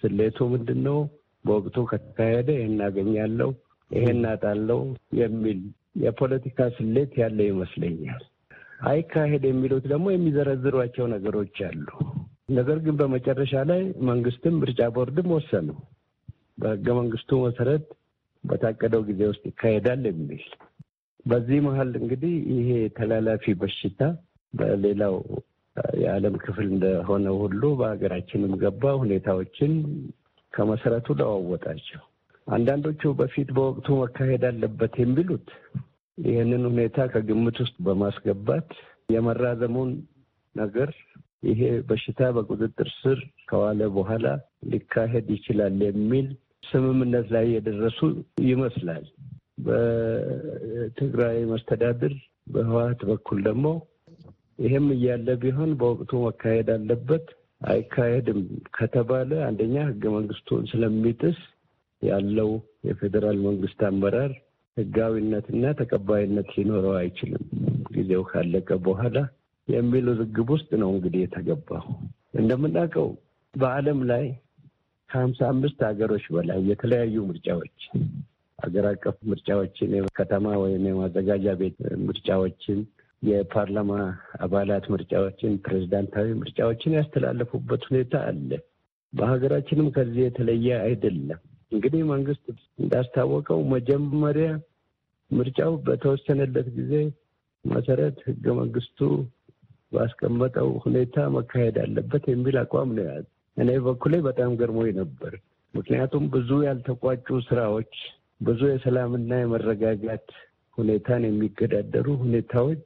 ስሌቱ ምንድን ነው? በወቅቱ ከተካሄደ ይህን አገኛለሁ፣ ይሄን አጣለው የሚል የፖለቲካ ስሌት ያለ ይመስለኛል። አይካሄድ የሚሉት ደግሞ የሚዘረዝሯቸው ነገሮች አሉ። ነገር ግን በመጨረሻ ላይ መንግስትም ምርጫ ቦርድም ወሰኑ። በህገ መንግስቱ መሰረት በታቀደው ጊዜ ውስጥ ይካሄዳል የሚል በዚህ መሀል እንግዲህ ይሄ ተላላፊ በሽታ በሌላው የዓለም ክፍል እንደሆነ ሁሉ በሀገራችንም ገባ። ሁኔታዎችን ከመሰረቱ ለዋወጣቸው አንዳንዶቹ በፊት በወቅቱ መካሄድ አለበት የሚሉት ይህንን ሁኔታ ከግምት ውስጥ በማስገባት የመራዘሙን ነገር ይሄ በሽታ በቁጥጥር ስር ከዋለ በኋላ ሊካሄድ ይችላል የሚል ስምምነት ላይ የደረሱ ይመስላል። በትግራይ መስተዳድር በህወሓት በኩል ደግሞ ይህም እያለ ቢሆን በወቅቱ መካሄድ አለበት፣ አይካሄድም ከተባለ አንደኛ ህገ መንግስቱን ስለሚጥስ ያለው የፌዴራል መንግስት አመራር ህጋዊነትና ተቀባይነት ሊኖረው አይችልም። ጊዜው ካለቀ በኋላ የሚል ውዝግብ ውስጥ ነው እንግዲህ የተገባው። እንደምናውቀው በዓለም ላይ ከሀምሳ አምስት ሀገሮች በላይ የተለያዩ ምርጫዎች ሀገር አቀፍ ምርጫዎችን፣ የከተማ ወይም የማዘጋጃ ቤት ምርጫዎችን፣ የፓርላማ አባላት ምርጫዎችን፣ ፕሬዚዳንታዊ ምርጫዎችን ያስተላለፉበት ሁኔታ አለ። በሀገራችንም ከዚህ የተለየ አይደለም። እንግዲህ መንግስት እንዳስታወቀው መጀመሪያ ምርጫው በተወሰነለት ጊዜ መሰረት ህገ መንግስቱ ባስቀመጠው ሁኔታ መካሄድ አለበት የሚል አቋም ነው ያዝ። እኔ በኩሌ በጣም ገርሞኝ ነበር። ምክንያቱም ብዙ ያልተቋጩ ስራዎች፣ ብዙ የሰላምና የመረጋጋት ሁኔታን የሚገዳደሩ ሁኔታዎች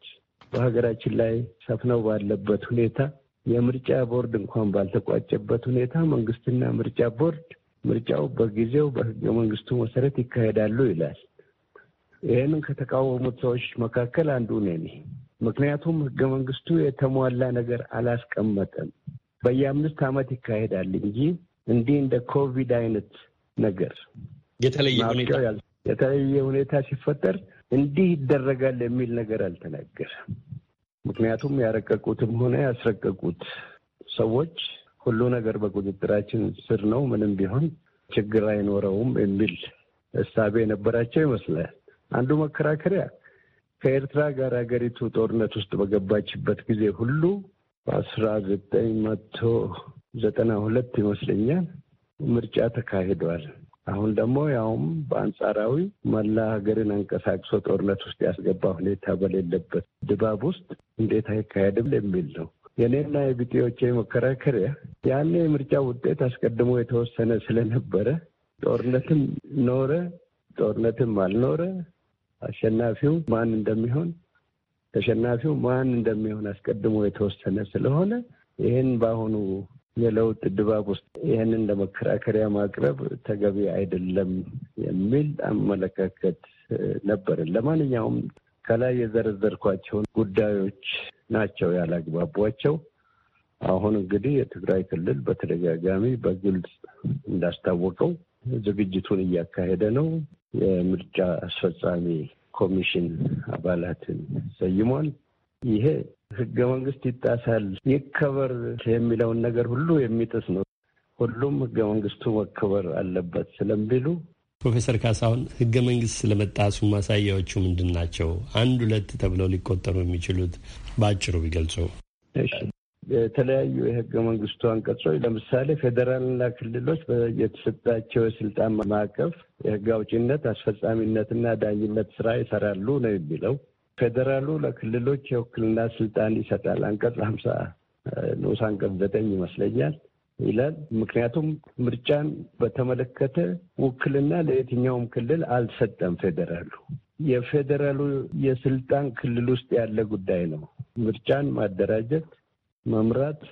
በሀገራችን ላይ ሰፍነው ባለበት ሁኔታ የምርጫ ቦርድ እንኳን ባልተቋጨበት ሁኔታ መንግስትና ምርጫ ቦርድ ምርጫው በጊዜው በህገ መንግስቱ መሰረት ይካሄዳሉ ይላል። ይህንን ከተቃወሙት ሰዎች መካከል አንዱ ነኝ። ምክንያቱም ህገ መንግስቱ የተሟላ ነገር አላስቀመጠም። በየአምስት ዓመት ይካሄዳል እንጂ እንዲህ እንደ ኮቪድ አይነት ነገር የተለየ ሁኔታ ሲፈጠር እንዲህ ይደረጋል የሚል ነገር አልተናገረም። ምክንያቱም ያረቀቁትም ሆነ ያስረቀቁት ሰዎች ሁሉ ነገር በቁጥጥራችን ስር ነው፣ ምንም ቢሆን ችግር አይኖረውም የሚል እሳቤ የነበራቸው ይመስላል። አንዱ መከራከሪያ ከኤርትራ ጋር ሀገሪቱ ጦርነት ውስጥ በገባችበት ጊዜ ሁሉ በአስራ ዘጠኝ መቶ ዘጠና ሁለት ይመስለኛል ምርጫ ተካሂዷል። አሁን ደግሞ ያውም በአንጻራዊ መላ ሀገርን አንቀሳቅሶ ጦርነት ውስጥ ያስገባ ሁኔታ በሌለበት ድባብ ውስጥ እንዴት አይካሄድም የሚል ነው። የኔና የቢጤዎቼ መከራከሪያ ያኔ የምርጫ ውጤት አስቀድሞ የተወሰነ ስለነበረ ጦርነትም ኖረ ጦርነትም አልኖረ አሸናፊው ማን እንደሚሆን ተሸናፊው ማን እንደሚሆን አስቀድሞ የተወሰነ ስለሆነ ይህን በአሁኑ የለውጥ ድባብ ውስጥ ይህንን ለመከራከሪያ ማቅረብ ተገቢ አይደለም የሚል አመለካከት ነበርን። ለማንኛውም ከላይ የዘረዘርኳቸውን ጉዳዮች ናቸው ያላግባቧቸው። አሁን እንግዲህ የትግራይ ክልል በተደጋጋሚ በግልጽ እንዳስታወቀው ዝግጅቱን እያካሄደ ነው። የምርጫ አስፈጻሚ ኮሚሽን አባላትን ሰይሟል። ይሄ ህገ መንግስት ይጣሳል ይከበር የሚለውን ነገር ሁሉ የሚጥስ ነው። ሁሉም ህገ መንግስቱ መከበር አለበት ስለሚሉ ፕሮፌሰር ካሳሁን ህገ መንግስት ስለመጣሱ ማሳያዎቹ ምንድን ናቸው? አንድ ሁለት ተብለው ሊቆጠሩ የሚችሉት በአጭሩ ቢገልጹ። የተለያዩ የህገ መንግስቱ አንቀጾች ለምሳሌ ፌዴራልና ክልሎች የተሰጣቸው የስልጣን ማዕቀፍ የህግ አውጭነት አስፈጻሚነትና ዳኝነት ስራ ይሰራሉ ነው የሚለው። ፌዴራሉ ለክልሎች የውክልና ስልጣን ይሰጣል። አንቀጽ ሀምሳ ንዑስ አንቀጽ ዘጠኝ ይመስለኛል። ይላል። ምክንያቱም ምርጫን በተመለከተ ውክልና ለየትኛውም ክልል አልሰጠም ፌዴራሉ። የፌዴራሉ የስልጣን ክልል ውስጥ ያለ ጉዳይ ነው። ምርጫን ማደራጀት፣ መምራት፣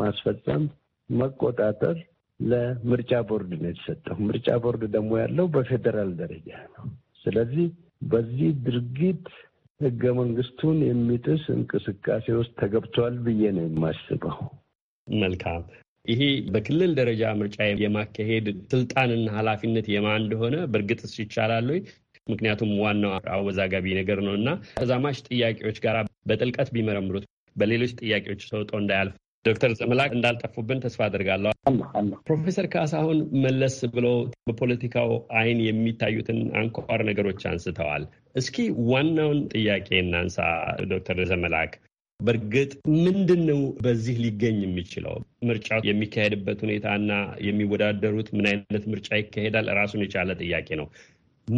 ማስፈጸም፣ መቆጣጠር ለምርጫ ቦርድ ነው የተሰጠው። ምርጫ ቦርድ ደግሞ ያለው በፌዴራል ደረጃ ነው። ስለዚህ በዚህ ድርጊት ህገ መንግስቱን የሚጥስ እንቅስቃሴ ውስጥ ተገብቷል ብዬ ነው የማስበው። መልካም ይሄ በክልል ደረጃ ምርጫ የማካሄድ ስልጣንና ኃላፊነት የማ እንደሆነ በእርግጥስ ይቻላል ወይ? ምክንያቱም ዋናው አወዛጋቢ ነገር ነው እና ተዛማሽ ጥያቄዎች ጋር በጥልቀት ቢመረምሩት በሌሎች ጥያቄዎች ሰውጦ እንዳያልፍ ዶክተር ዘመላክ እንዳልጠፉብን ተስፋ አድርጋለሁ። ፕሮፌሰር ካሳሁን መለስ ብለው በፖለቲካው አይን የሚታዩትን አንኳር ነገሮች አንስተዋል። እስኪ ዋናውን ጥያቄ እናንሳ። ዶክተር ዘመላክ በእርግጥ ምንድን ነው በዚህ ሊገኝ የሚችለው? ምርጫ የሚካሄድበት ሁኔታ እና የሚወዳደሩት ምን አይነት ምርጫ ይካሄዳል? ራሱን የቻለ ጥያቄ ነው።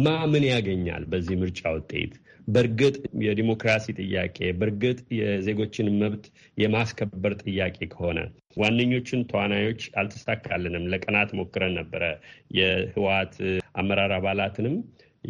ማ ምን ያገኛል በዚህ ምርጫ ውጤት? በእርግጥ የዲሞክራሲ ጥያቄ፣ በእርግጥ የዜጎችን መብት የማስከበር ጥያቄ ከሆነ ዋነኞቹን ተዋናዮች አልተሳካልንም። ለቀናት ሞክረን ነበረ የህወሓት አመራር አባላትንም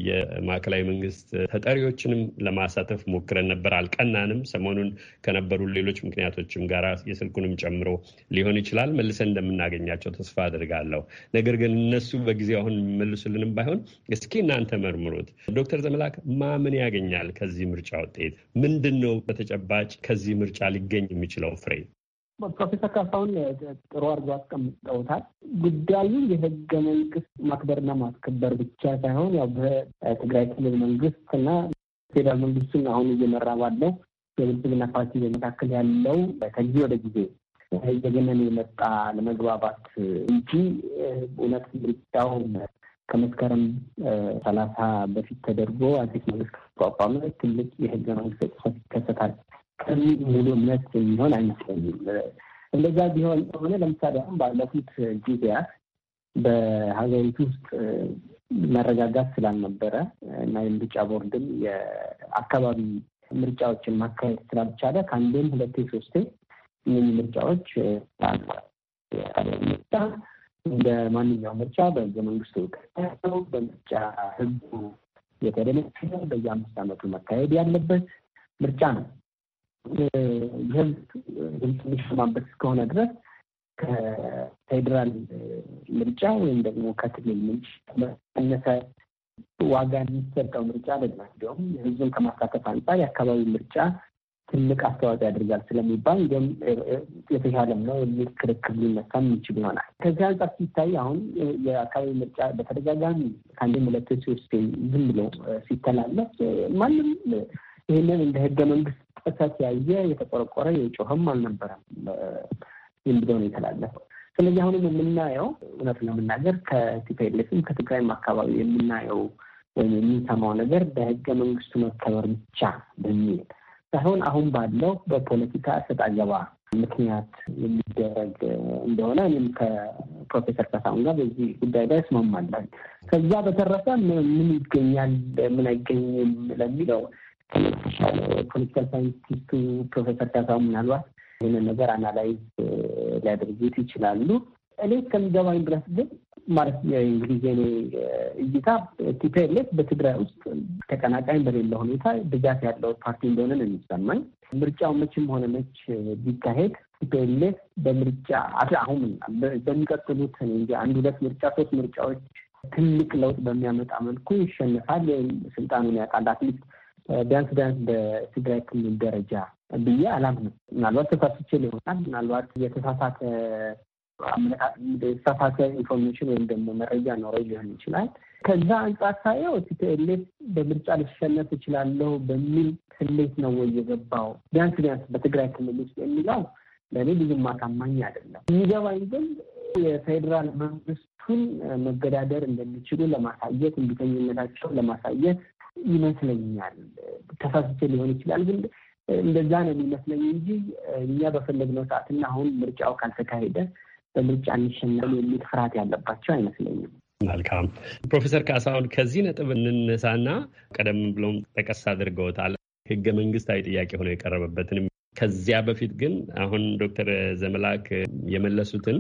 የማዕከላዊ መንግስት ተጠሪዎችንም ለማሳተፍ ሞክረን ነበር። አልቀናንም። ሰሞኑን ከነበሩ ሌሎች ምክንያቶችም ጋር የስልኩንም ጨምሮ ሊሆን ይችላል መልሰን እንደምናገኛቸው ተስፋ አድርጋለሁ። ነገር ግን እነሱ በጊዜው አሁን የሚመልሱልንም ባይሆን እስኪ እናንተ መርምሩት። ዶክተር ዘመላክ ማምን ያገኛል ከዚህ ምርጫ ውጤት? ምንድን ነው በተጨባጭ ከዚህ ምርጫ ሊገኝ የሚችለው ፍሬ? ፕሮፌሰር ካሳሁን ጥሩ አድርገው አስቀምጠውታል። ጉዳዩ የህገ መንግስት ማክበርና ማስከበር ብቻ ሳይሆን ያው በትግራይ ክልል መንግስት እና ፌዴራል መንግስቱን አሁን እየመራ ባለው የብልጽግና ፓርቲ በመካከል ያለው ከጊዜ ወደ ጊዜ እየገነነ የመጣ ለመግባባት እንጂ እውነት ምርጫው ከመስከረም ሰላሳ በፊት ተደርጎ አዲስ መንግስት ከተቋቋመ ትልቅ የህገ መንግስት ጥሰት ይከሰታል ቅን ሙሉ እምነት የሚሆን አይመስለኝም። እንደዛ ቢሆን ከሆነ ለምሳሌ አሁን ባለፉት ጊዜያት በሀገሪቱ ውስጥ መረጋጋት ስላልነበረ እና የምርጫ ቦርድም የአካባቢ ምርጫዎችን ማካሄድ ስላልቻለ ከአንዴም ሁለቴ ሶስቴ እነዚህ ምርጫዎች ምርጫ እንደ ማንኛውም ምርጫ በህገ መንግስቱ ያለው በምርጫ ህጉ የተደነገገ በየአምስት ዓመቱ መካሄድ ያለበት ምርጫ ነው። ህዝብ ድምፅ የሚሰማበት እስከሆነ ድረስ ከፌዴራል ምርጫ ወይም ደግሞ ከክልል ምንጭ መነሰ ዋጋ የሚሰጠው ምርጫ አይደለም። እንዲሁም ህዝብን ከማሳተፍ አንጻር የአካባቢ ምርጫ ትልቅ አስተዋጽኦ ያደርጋል ስለሚባል እንዲሁም የተሻለም ነው የሚል ክርክር ሊነሳም የሚችል ይሆናል። ከዚህ አንጻር ሲታይ አሁን የአካባቢ ምርጫ በተደጋጋሚ ከአንድም ሁለት ሶስት ዝም ብሎ ሲተላለፍ ማንም ይህንን እንደ ህገ መንግስት በቀጥታ ያየ የተቆረቆረ የጮኸም አልነበረም። ዝም ነው የተላለፈው። ስለዚህ አሁንም የምናየው እውነት ለመናገር ከቲፒኤልኤፍም ከትግራይም አካባቢ የምናየው ወይም የሚሰማው ነገር በህገ መንግስቱ መከበር ብቻ በሚል ሳይሆን አሁን ባለው በፖለቲካ እሰጥ አገባ ምክንያት የሚደረግ እንደሆነ እኔም ከፕሮፌሰር ከሳሁን ጋር በዚህ ጉዳይ ላይ እስማማለሁ። ከዛ በተረፈ ምን ይገኛል ምን አይገኝም ለሚለው ፖለቲካል ሳይንቲስቱ ፕሮፌሰር ካሳው ምናልባት ይህንን ነገር አናላይዝ ሊያደርጉት ይችላሉ። እኔ እስከሚገባኝ ድረስ ግን ማለት እንግዲህ የኔ እይታ ቲፒኤልኤፍ በትግራይ ውስጥ ተቀናቃኝ በሌለ ሁኔታ ድጋፍ ያለው ፓርቲ እንደሆነ ነው የሚሰማኝ። ምርጫው መቼም ሆነ መች ቢካሄድ ቲፒኤልኤፍ በምርጫ አሁን በሚቀጥሉት እንጂ አንድ ሁለት ምርጫ ሶስት ምርጫዎች ትልቅ ለውጥ በሚያመጣ መልኩ ይሸንፋል ወይም ስልጣኑን ያውቃል አትሊስት ቢያንስ ቢያንስ በትግራይ ክልል ደረጃ ብዬ አላምንም። ምናልባት ተሳስቼ ሊሆናል። ምናልባት የተሳሳተ የተሳሳተ ኢንፎርሜሽን ወይም ደግሞ መረጃ ኖረ ሊሆን ይችላል። ከዛ አንጻር ሳየው ቲፒኤልኤፍ በምርጫ ልሸነፍ እችላለሁ በሚል ስሌት ነው ወይ የገባው ቢያንስ ቢያንስ በትግራይ ክልል ውስጥ የሚለው ለእኔ ብዙም አሳማኝ አይደለም። የሚገባኝ ግን የፌዴራል መንግስቱን መገዳደር እንደሚችሉ ለማሳየት፣ እንቢተኝነታቸውን ለማሳየት ይመስለኛል። ተሳስቼ ሊሆን ይችላል፣ ግን እንደዛ ነው የሚመስለኝ እንጂ እኛ በፈለግነው ሰዓትና አሁን ምርጫው ካልተካሄደ በምርጫ እንሸናል የሚል ፍርሃት ያለባቸው አይመስለኝም። መልካም ፕሮፌሰር ካሳሁን ከዚህ ነጥብ እንነሳና ቀደም ብሎም ጠቀስ አድርገውታል ህገ መንግስታዊ ጥያቄ ሆኖ የቀረበበትንም ከዚያ በፊት ግን አሁን ዶክተር ዘመላክ የመለሱትን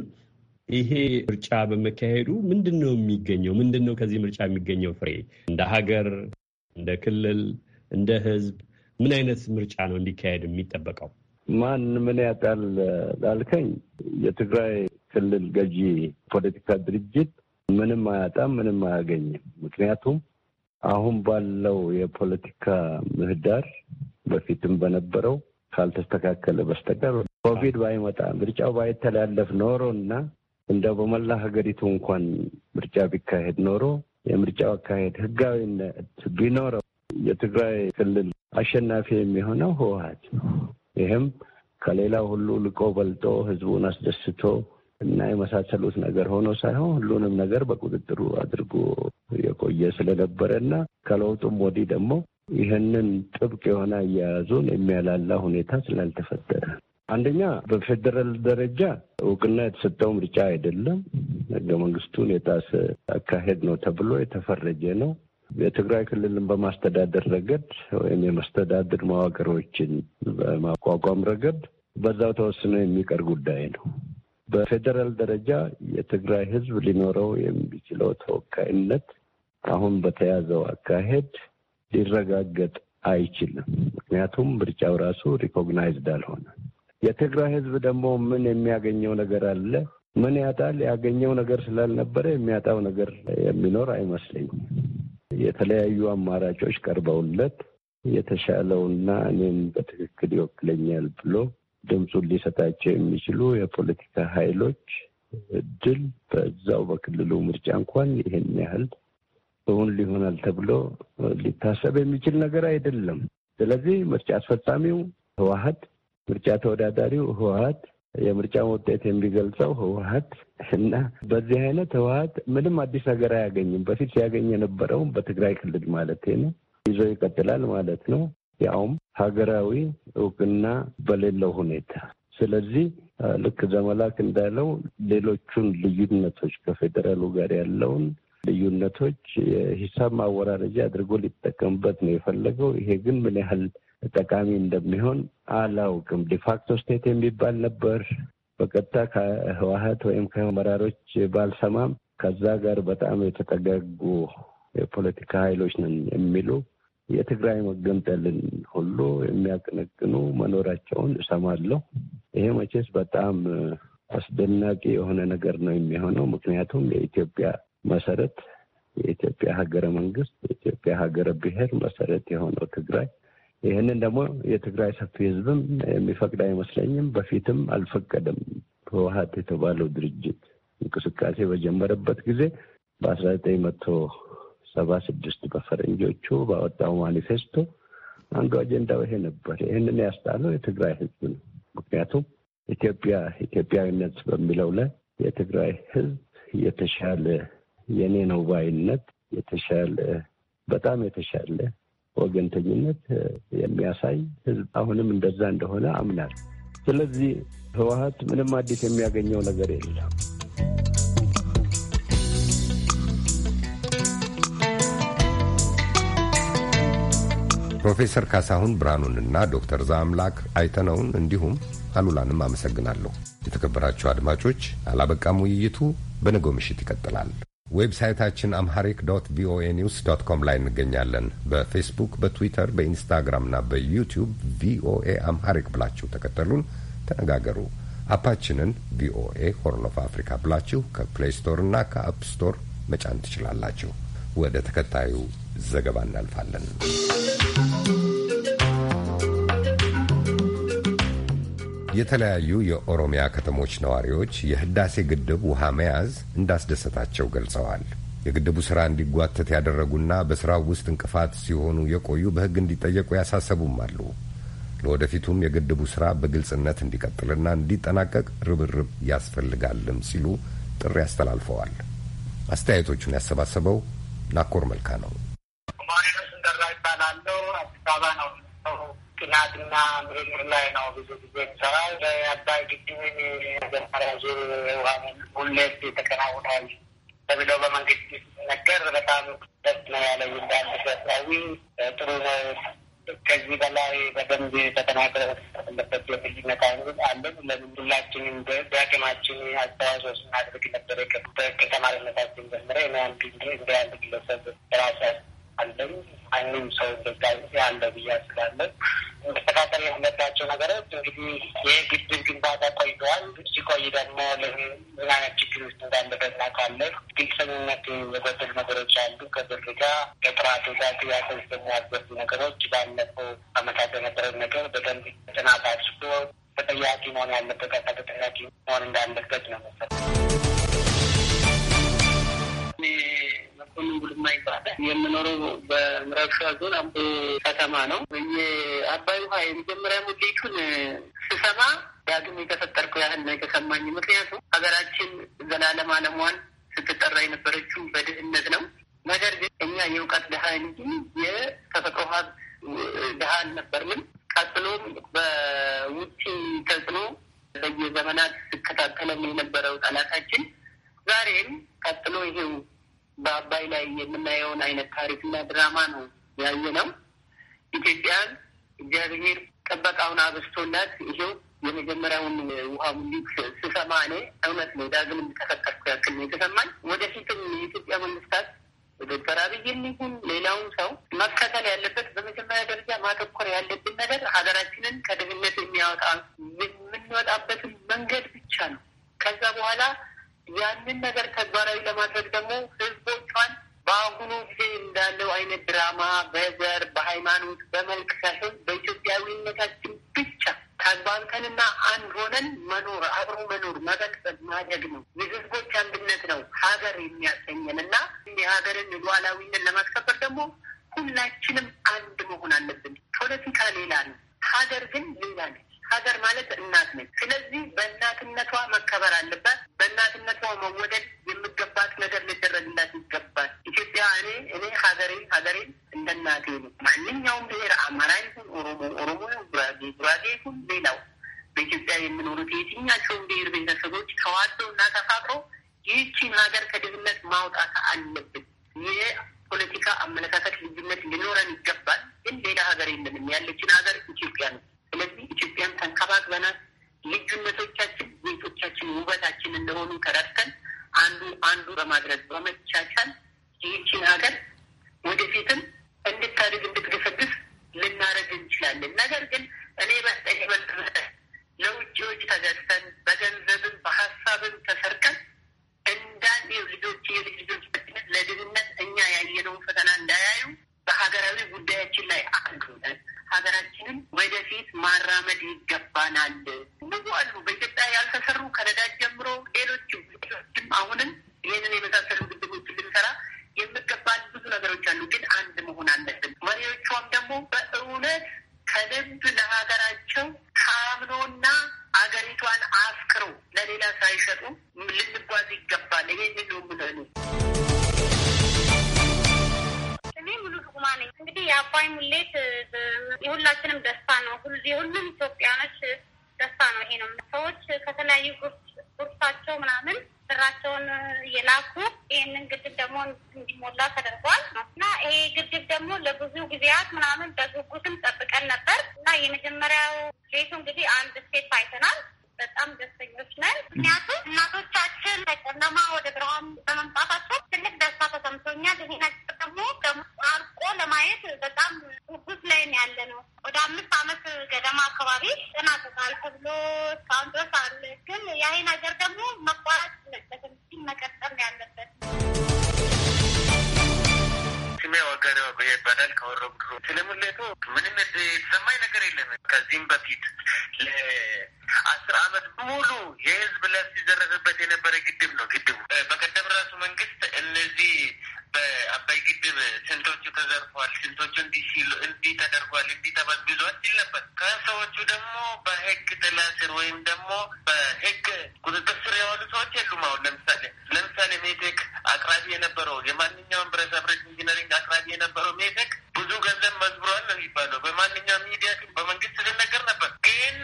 ይሄ ምርጫ በመካሄዱ ምንድን ነው የሚገኘው? ምንድን ነው ከዚህ ምርጫ የሚገኘው ፍሬ እንደ ሀገር እንደ ክልል እንደ ህዝብ ምን አይነት ምርጫ ነው እንዲካሄድ የሚጠበቀው? ማን ምን ያጣል ላልከኝ፣ የትግራይ ክልል ገዢ ፖለቲካ ድርጅት ምንም አያጣም፣ ምንም አያገኝም። ምክንያቱም አሁን ባለው የፖለቲካ ምህዳር በፊትም በነበረው ካልተስተካከለ በስተቀር ኮቪድ ባይመጣ ምርጫው ባይተላለፍ ኖሮ እና እንደው በመላ ሀገሪቱ እንኳን ምርጫ ቢካሄድ ኖሮ የምርጫው አካሄድ ህጋዊነት ቢኖረው የትግራይ ክልል አሸናፊ የሚሆነው ህወሀት ይህም ከሌላው ሁሉ ልቆ በልጦ ህዝቡን አስደስቶ እና የመሳሰሉት ነገር ሆኖ ሳይሆን ሁሉንም ነገር በቁጥጥሩ አድርጎ የቆየ ስለነበረ እና ከለውጡም ወዲህ ደግሞ ይህንን ጥብቅ የሆነ አያያዙን የሚያላላ ሁኔታ ስላልተፈጠረ አንደኛ በፌዴራል ደረጃ እውቅና የተሰጠው ምርጫ አይደለም፣ ህገ መንግስቱን የጣሰ አካሄድ ነው ተብሎ የተፈረጀ ነው። የትግራይ ክልልን በማስተዳደር ረገድ ወይም የመስተዳድር መዋቅሮችን በማቋቋም ረገድ በዛው ተወስኖ የሚቀር ጉዳይ ነው። በፌዴራል ደረጃ የትግራይ ህዝብ ሊኖረው የሚችለው ተወካይነት አሁን በተያዘው አካሄድ ሊረጋገጥ አይችልም። ምክንያቱም ምርጫው ራሱ ሪኮግናይዝድ አልሆነ። የትግራይ ህዝብ ደግሞ ምን የሚያገኘው ነገር አለ? ምን ያጣል? ያገኘው ነገር ስላልነበረ የሚያጣው ነገር የሚኖር አይመስለኝም። የተለያዩ አማራጮች ቀርበውለት የተሻለውና እኔም በትክክል ይወክለኛል ብሎ ድምፁን ሊሰጣቸው የሚችሉ የፖለቲካ ኃይሎች እድል በዛው በክልሉ ምርጫ እንኳን ይህን ያህል እውን ሊሆናል ተብሎ ሊታሰብ የሚችል ነገር አይደለም። ስለዚህ ምርጫ አስፈጻሚው ህወሀት ምርጫ ተወዳዳሪው ህወሀት የምርጫ ውጤት የሚገልጸው ህወሀት እና በዚህ አይነት ህወሀት ምንም አዲስ ነገር አያገኝም። በፊት ሲያገኝ የነበረውም በትግራይ ክልል ማለት ነው ይዞ ይቀጥላል ማለት ነው፣ ያውም ሀገራዊ እውቅና በሌለው ሁኔታ። ስለዚህ ልክ ዘመላክ እንዳለው ሌሎቹን ልዩነቶች ከፌዴራሉ ጋር ያለውን ልዩነቶች የሂሳብ ማወራረጃ አድርጎ ሊጠቀምበት ነው የፈለገው። ይሄ ግን ምን ያህል ጠቃሚ እንደሚሆን አላውቅም። ዲፋክቶ ስቴት የሚባል ነበር። በቀጥታ ከህወሀት ወይም ከመራሮች ባልሰማም ከዛ ጋር በጣም የተጠጋጉ የፖለቲካ ኃይሎች ነን የሚሉ የትግራይ መገንጠልን ሁሉ የሚያቀነቅኑ መኖራቸውን እሰማለሁ። ይሄ መቼስ በጣም አስደናቂ የሆነ ነገር ነው የሚሆነው። ምክንያቱም የኢትዮጵያ መሰረት የኢትዮጵያ ሀገረ መንግስት፣ የኢትዮጵያ ሀገረ ብሔር መሰረት የሆነው ትግራይ ይህንን ደግሞ የትግራይ ሰፊ ህዝብም የሚፈቅድ አይመስለኝም። በፊትም አልፈቀደም። ህወሀት የተባለው ድርጅት እንቅስቃሴ በጀመረበት ጊዜ በአስራ ዘጠኝ መቶ ሰባ ስድስት በፈረንጆቹ ባወጣው ማኒፌስቶ አንዱ አጀንዳው ይሄ ነበር። ይህንን ያስጣለው የትግራይ ህዝብ ነው። ምክንያቱም ኢትዮጵያ ኢትዮጵያዊነት በሚለው ላይ የትግራይ ህዝብ የተሻለ የኔ ነው ባይነት የተሻለ በጣም የተሻለ ወገንተኝነት የሚያሳይ ህዝብ አሁንም እንደዛ እንደሆነ አምናል። ስለዚህ ህወሀት ምንም አዲስ የሚያገኘው ነገር የለም። ፕሮፌሰር ካሳሁን ብርሃኑንና ዶክተር ዛምላክ አይተነውን እንዲሁም አሉላንም አመሰግናለሁ። የተከበራችሁ አድማጮች፣ አላበቃም። ውይይቱ በነገው ምሽት ይቀጥላል። ዌብሳይታችን አምሃሪክ ዶት ቪኦኤ ኒውስ ዶት ኮም ላይ እንገኛለን። በፌስቡክ፣ በትዊተር፣ በኢንስታግራም ና በዩቲዩብ ቪኦኤ አምሐሪክ ብላችሁ ተከተሉን፣ ተነጋገሩ። አፓችንን ቪኦኤ ሆርን ኦፍ አፍሪካ ብላችሁ ከፕሌይ ና ከአፕ ስቶር መጫን ትችላላችሁ። ወደ ተከታዩ ዘገባ እናልፋለን። የተለያዩ የኦሮሚያ ከተሞች ነዋሪዎች የህዳሴ ግድብ ውሃ መያዝ እንዳስደሰታቸው ገልጸዋል። የግድቡ ስራ እንዲጓተት ያደረጉና በስራው ውስጥ እንቅፋት ሲሆኑ የቆዩ በህግ እንዲጠየቁ ያሳሰቡም አሉ። ለወደፊቱም የግድቡ ስራ በግልጽነት እንዲቀጥልና እንዲጠናቀቅ ርብርብ ያስፈልጋልም ሲሉ ጥሪ አስተላልፈዋል። አስተያየቶቹን ያሰባሰበው ናኮር መልካ ነው። አዲስ አበባ ነው ጥናትና ምርምር ላይ ነው ብዙ ጊዜ የሚሰራው። በአባይ ግድብን መጀመሪያ ዙር ውሃ ሙሌት ተከናውኗል ተብለው በመንግስት ሲነገር በጣም ደስ ነው ያለ እንዳንድ ሰራዊ ጥሩ ነው። ከዚህ በላይ በደንብ ተጠናክሮ ያለበት የፍልነት አይነት አለን። ለምን ሁላችንም በአቅማችን አስተዋጽኦ ስናደርግ ነበረ ከተማሪነታችን ጀምረ አንድ እንዲ አንድ ግለሰብ ራሳ አለም አይኑም ሰው እንደጋዜ ያለ ብዬ አስባለሁ። መስተካከል የሆነባቸው ነገሮች እንግዲህ ይህ ግድብ ግንባታ ቆይተዋል። ሲቆይ ደግሞ ምን አይነት ችግር ውስጥ እንዳለበት እናውቃለን። ግልጽነት የጎደሉ ነገሮች አሉ። ከብር ጋር ከጥራቱ ጋር ጥያቄ ውስጥ የሚያስገቡ ነገሮች ባለፈው አመታት የነበረው ነገር በደንብ ጥናት አድርጎ ተጠያቂ መሆን ያለበት ተጠያቂ መሆን እንዳለበት ነው መሰለኝ። ሁሉም ቡድማ ይባላል። የምኖረው በምዕራብ ሸዋ ዞን አምቦ ከተማ ነው። የአባይ ውሃ የመጀመሪያ ሙሌቱን ስሰማ ዳግም የተፈጠርኩ ያህል ነው የተሰማኝ። ምክንያቱም ሀገራችን ዘላለም አለሟን ስትጠራ የነበረችው በድህነት ነው። ነገር ግን እኛ የእውቀት ድሀ እንጂ የተፈጥሮ ሀብት ድሀ አልነበርንም። ቀጥሎም በውጭ ተጽዕኖ በየዘመናት ስከታተለም የነበረው ጠላታችን ዛሬም ቀጥሎ ይሄው በአባይ ላይ የምናየውን አይነት ታሪክና ድራማ ነው ያየ ነው። ኢትዮጵያን እግዚአብሔር ጥበቃውን አብስቶላት ይሄው የመጀመሪያውን ውሃ ሙሊት ስሰማ እኔ እውነት ነው ዳግም እንደተፈጠርኩ ያክል ነው የተሰማኝ። ወደፊትም የኢትዮጵያ መንግስታት ዶክተር አብይም ይሁን ሌላውን ሰው መከተል ያለበት በመጀመሪያ ደረጃ ማተኮር ያለብን ነገር ሀገራችንን ከድህነት የሚያወጣ የምንወጣበትን መንገድ ብቻ ነው። ከዛ በኋላ ያንን ነገር ተግባራዊ ለማድረግ ደግሞ ህዝቦቿን በአሁኑ ጊዜ እንዳለው አይነት ድራማ በዘር፣ በሃይማኖት፣ በመልክ ሳይሆን በኢትዮጵያዊነታችን ብቻ ተግባብተንና አንድ ሆነን መኖር አብሮ መኖር መቀጠል ማደግ ነው። የህዝቦች አንድነት ነው ሀገር የሚያሰኘን እና የሀገርን ሉዓላዊነት ለማስከበር ደግሞ ሁላችንም አንድ መሆን አለብን። ፖለቲካ ሌላ ነው፣ ሀገር ግን ሌላ ነች። ሀገር ማለት እናት ነች። ስለዚህ በእናትነቷ መከበር አለባት። በእናትነቷ መወደድ የምገባት ነገር ሊደረግላት ይገባል። ኢትዮጵያ እኔ እኔ ሀገሬ ሀገሬ እንደ እናቴ ነው። ማንኛውም ብሔር አማራ ይሁን ኦሮሞ ኦሮሞ፣ ጉራጌ ጉራጌ ይሁን ሌላው በኢትዮጵያ የምኖሩት የትኛቸውን ብሔር ብሔረሰቦች ተዋደው እና ተፋቅረው ይህቺን ሀገር ከድህነት ማውጣት አለ ዓመት ገደማ አካባቢ ጥናቅቃል ተብሎ እስካሁን ድረስ አለ። ግን ያህ ነገር ደግሞ መቋረጥ የለበትም መቀጠል ያለበት። ስሜ ወገሬው ይባላል። ከወሮ ጉድሮ ስለምሌቱ ምንም የተሰማኝ ነገር የለም። ከዚህም በፊት ለአስር አመት ሙሉ የህዝብ ለፍ ሲዘረፍበት የነበረ ግድብ ነው። ግድቡ በቀደም ራሱ መንግስት እነዚህ በአባይ ግድብ ስንቶቹ ተዘርፏል፣ ስንቶቹ እንዲህ ሲሉ እንዲህ ተደርጓል፣ እንዲህ ተበግዟል ሲል ነበር። ከሰዎቹ ደግሞ በህግ ጥላ ስር ወይም ደግሞ በህግ ቁጥጥር ስር የዋሉ ሰዎች የሉም። አሁን ለምሳሌ ለምሳሌ ሜቴክ አቅራቢ የነበረው የማንኛውም ብረሳብረት ኢንጂነሪንግ አቅራቢ የነበረው ሜቴክ ብዙ ገንዘብ መዝብሯል ነው የሚባለው። በማንኛውም ሚዲያ በመንግስት ስንነገር ነበር። ግን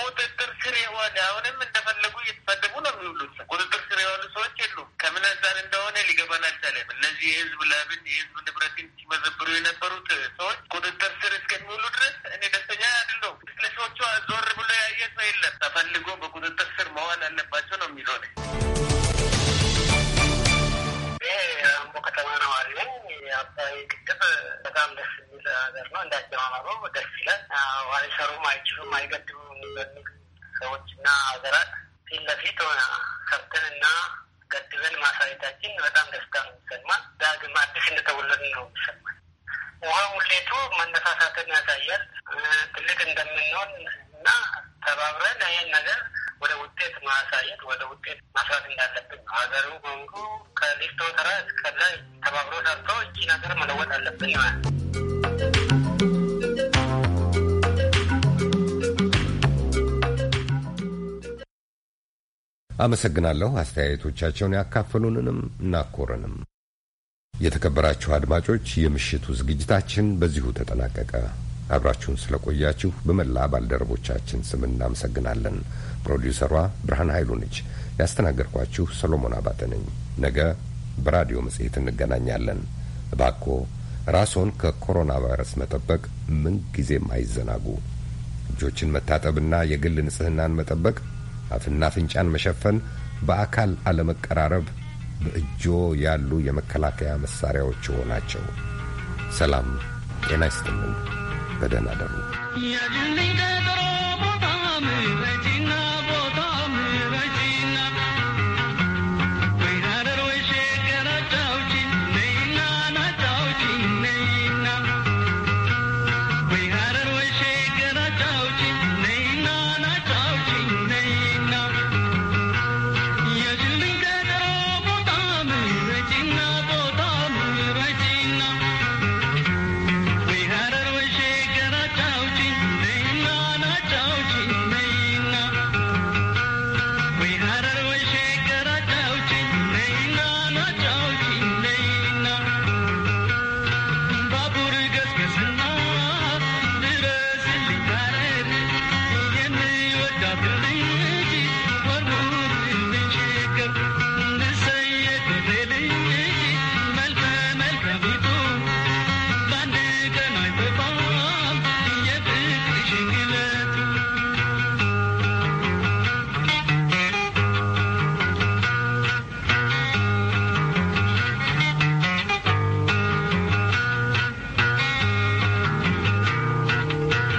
ቁጥጥር ስር የዋለ አሁንም እንደፈለጉ እየተሳደቡ ነው የሚውሉት። ቁጥጥር ስር የዋሉ ሰዎች የሉም። ከምን አንጻር እንደሆነ ሊገባን አልቻለም። ስለዚህ የህዝብ ለብን የህዝብ ንብረትን ሲመዘብሩ የነበሩት ሰዎች ቁጥጥር ስር እስከሚውሉ ድረስ እኔ ደስተኛ አይደለሁም። ለሰዎቹ ዞር ብሎ ያየ ሰው የለም። ተፈልጎ በቁጥጥር ስር መዋል አለባቸው ነው የሚለው ነ አምቦ ከተማ ነዋሪ ነኝ። የአባይ ግድብ በጣም ደስ የሚል ሀገር ነው። እንዳጀማመሩ ደስ ይላል። አይሰሩም፣ አይችሉም፣ አይገድቡም ሰዎችና ሀገራት ፊት ለፊት ሆነ ሰርተን እና ገድበን ማሳየታችን በጣም ደስታ ነው የሚሰማል። ዳግም አዲስ እንደተወለድ ነው የሚሰማል። ውሃ ሙሌቱ መነሳሳትን ያሳያል። ትልቅ እንደምንሆን እና ተባብረን ይህን ነገር ወደ ውጤት ማሳየት ወደ ውጤት ማስራት እንዳለብን ነው። ሀገሩ በሙሉ ከሊፍቶ ተራ እስከ ላይ ተባብሮ ሰርቶ እቺ ነገር መለወጥ አለብን ይሆናል። አመሰግናለሁ። አስተያየቶቻቸውን ያካፈሉንንም እናኮረንም። የተከበራችሁ አድማጮች፣ የምሽቱ ዝግጅታችን በዚሁ ተጠናቀቀ። አብራችሁን ስለቆያችሁ በመላ ባልደረቦቻችን ስም እናመሰግናለን። ፕሮዲውሰሯ ብርሃን ኃይሉ ነች። ያስተናገድኳችሁ ሰሎሞን አባተ ነኝ። ነገ በራዲዮ መጽሔት እንገናኛለን። እባክዎ ራስዎን ከኮሮና ቫይረስ መጠበቅ ምን ጊዜም አይዘናጉ። እጆችን መታጠብና የግል ንጽህናን መጠበቅ አፍና አፍንጫን መሸፈን፣ በአካል አለመቀራረብ በእጆ ያሉ የመከላከያ መሳሪያዎች ሆናቸው። ሰላም ጤና ይስጥልን። በደህና አደሩ።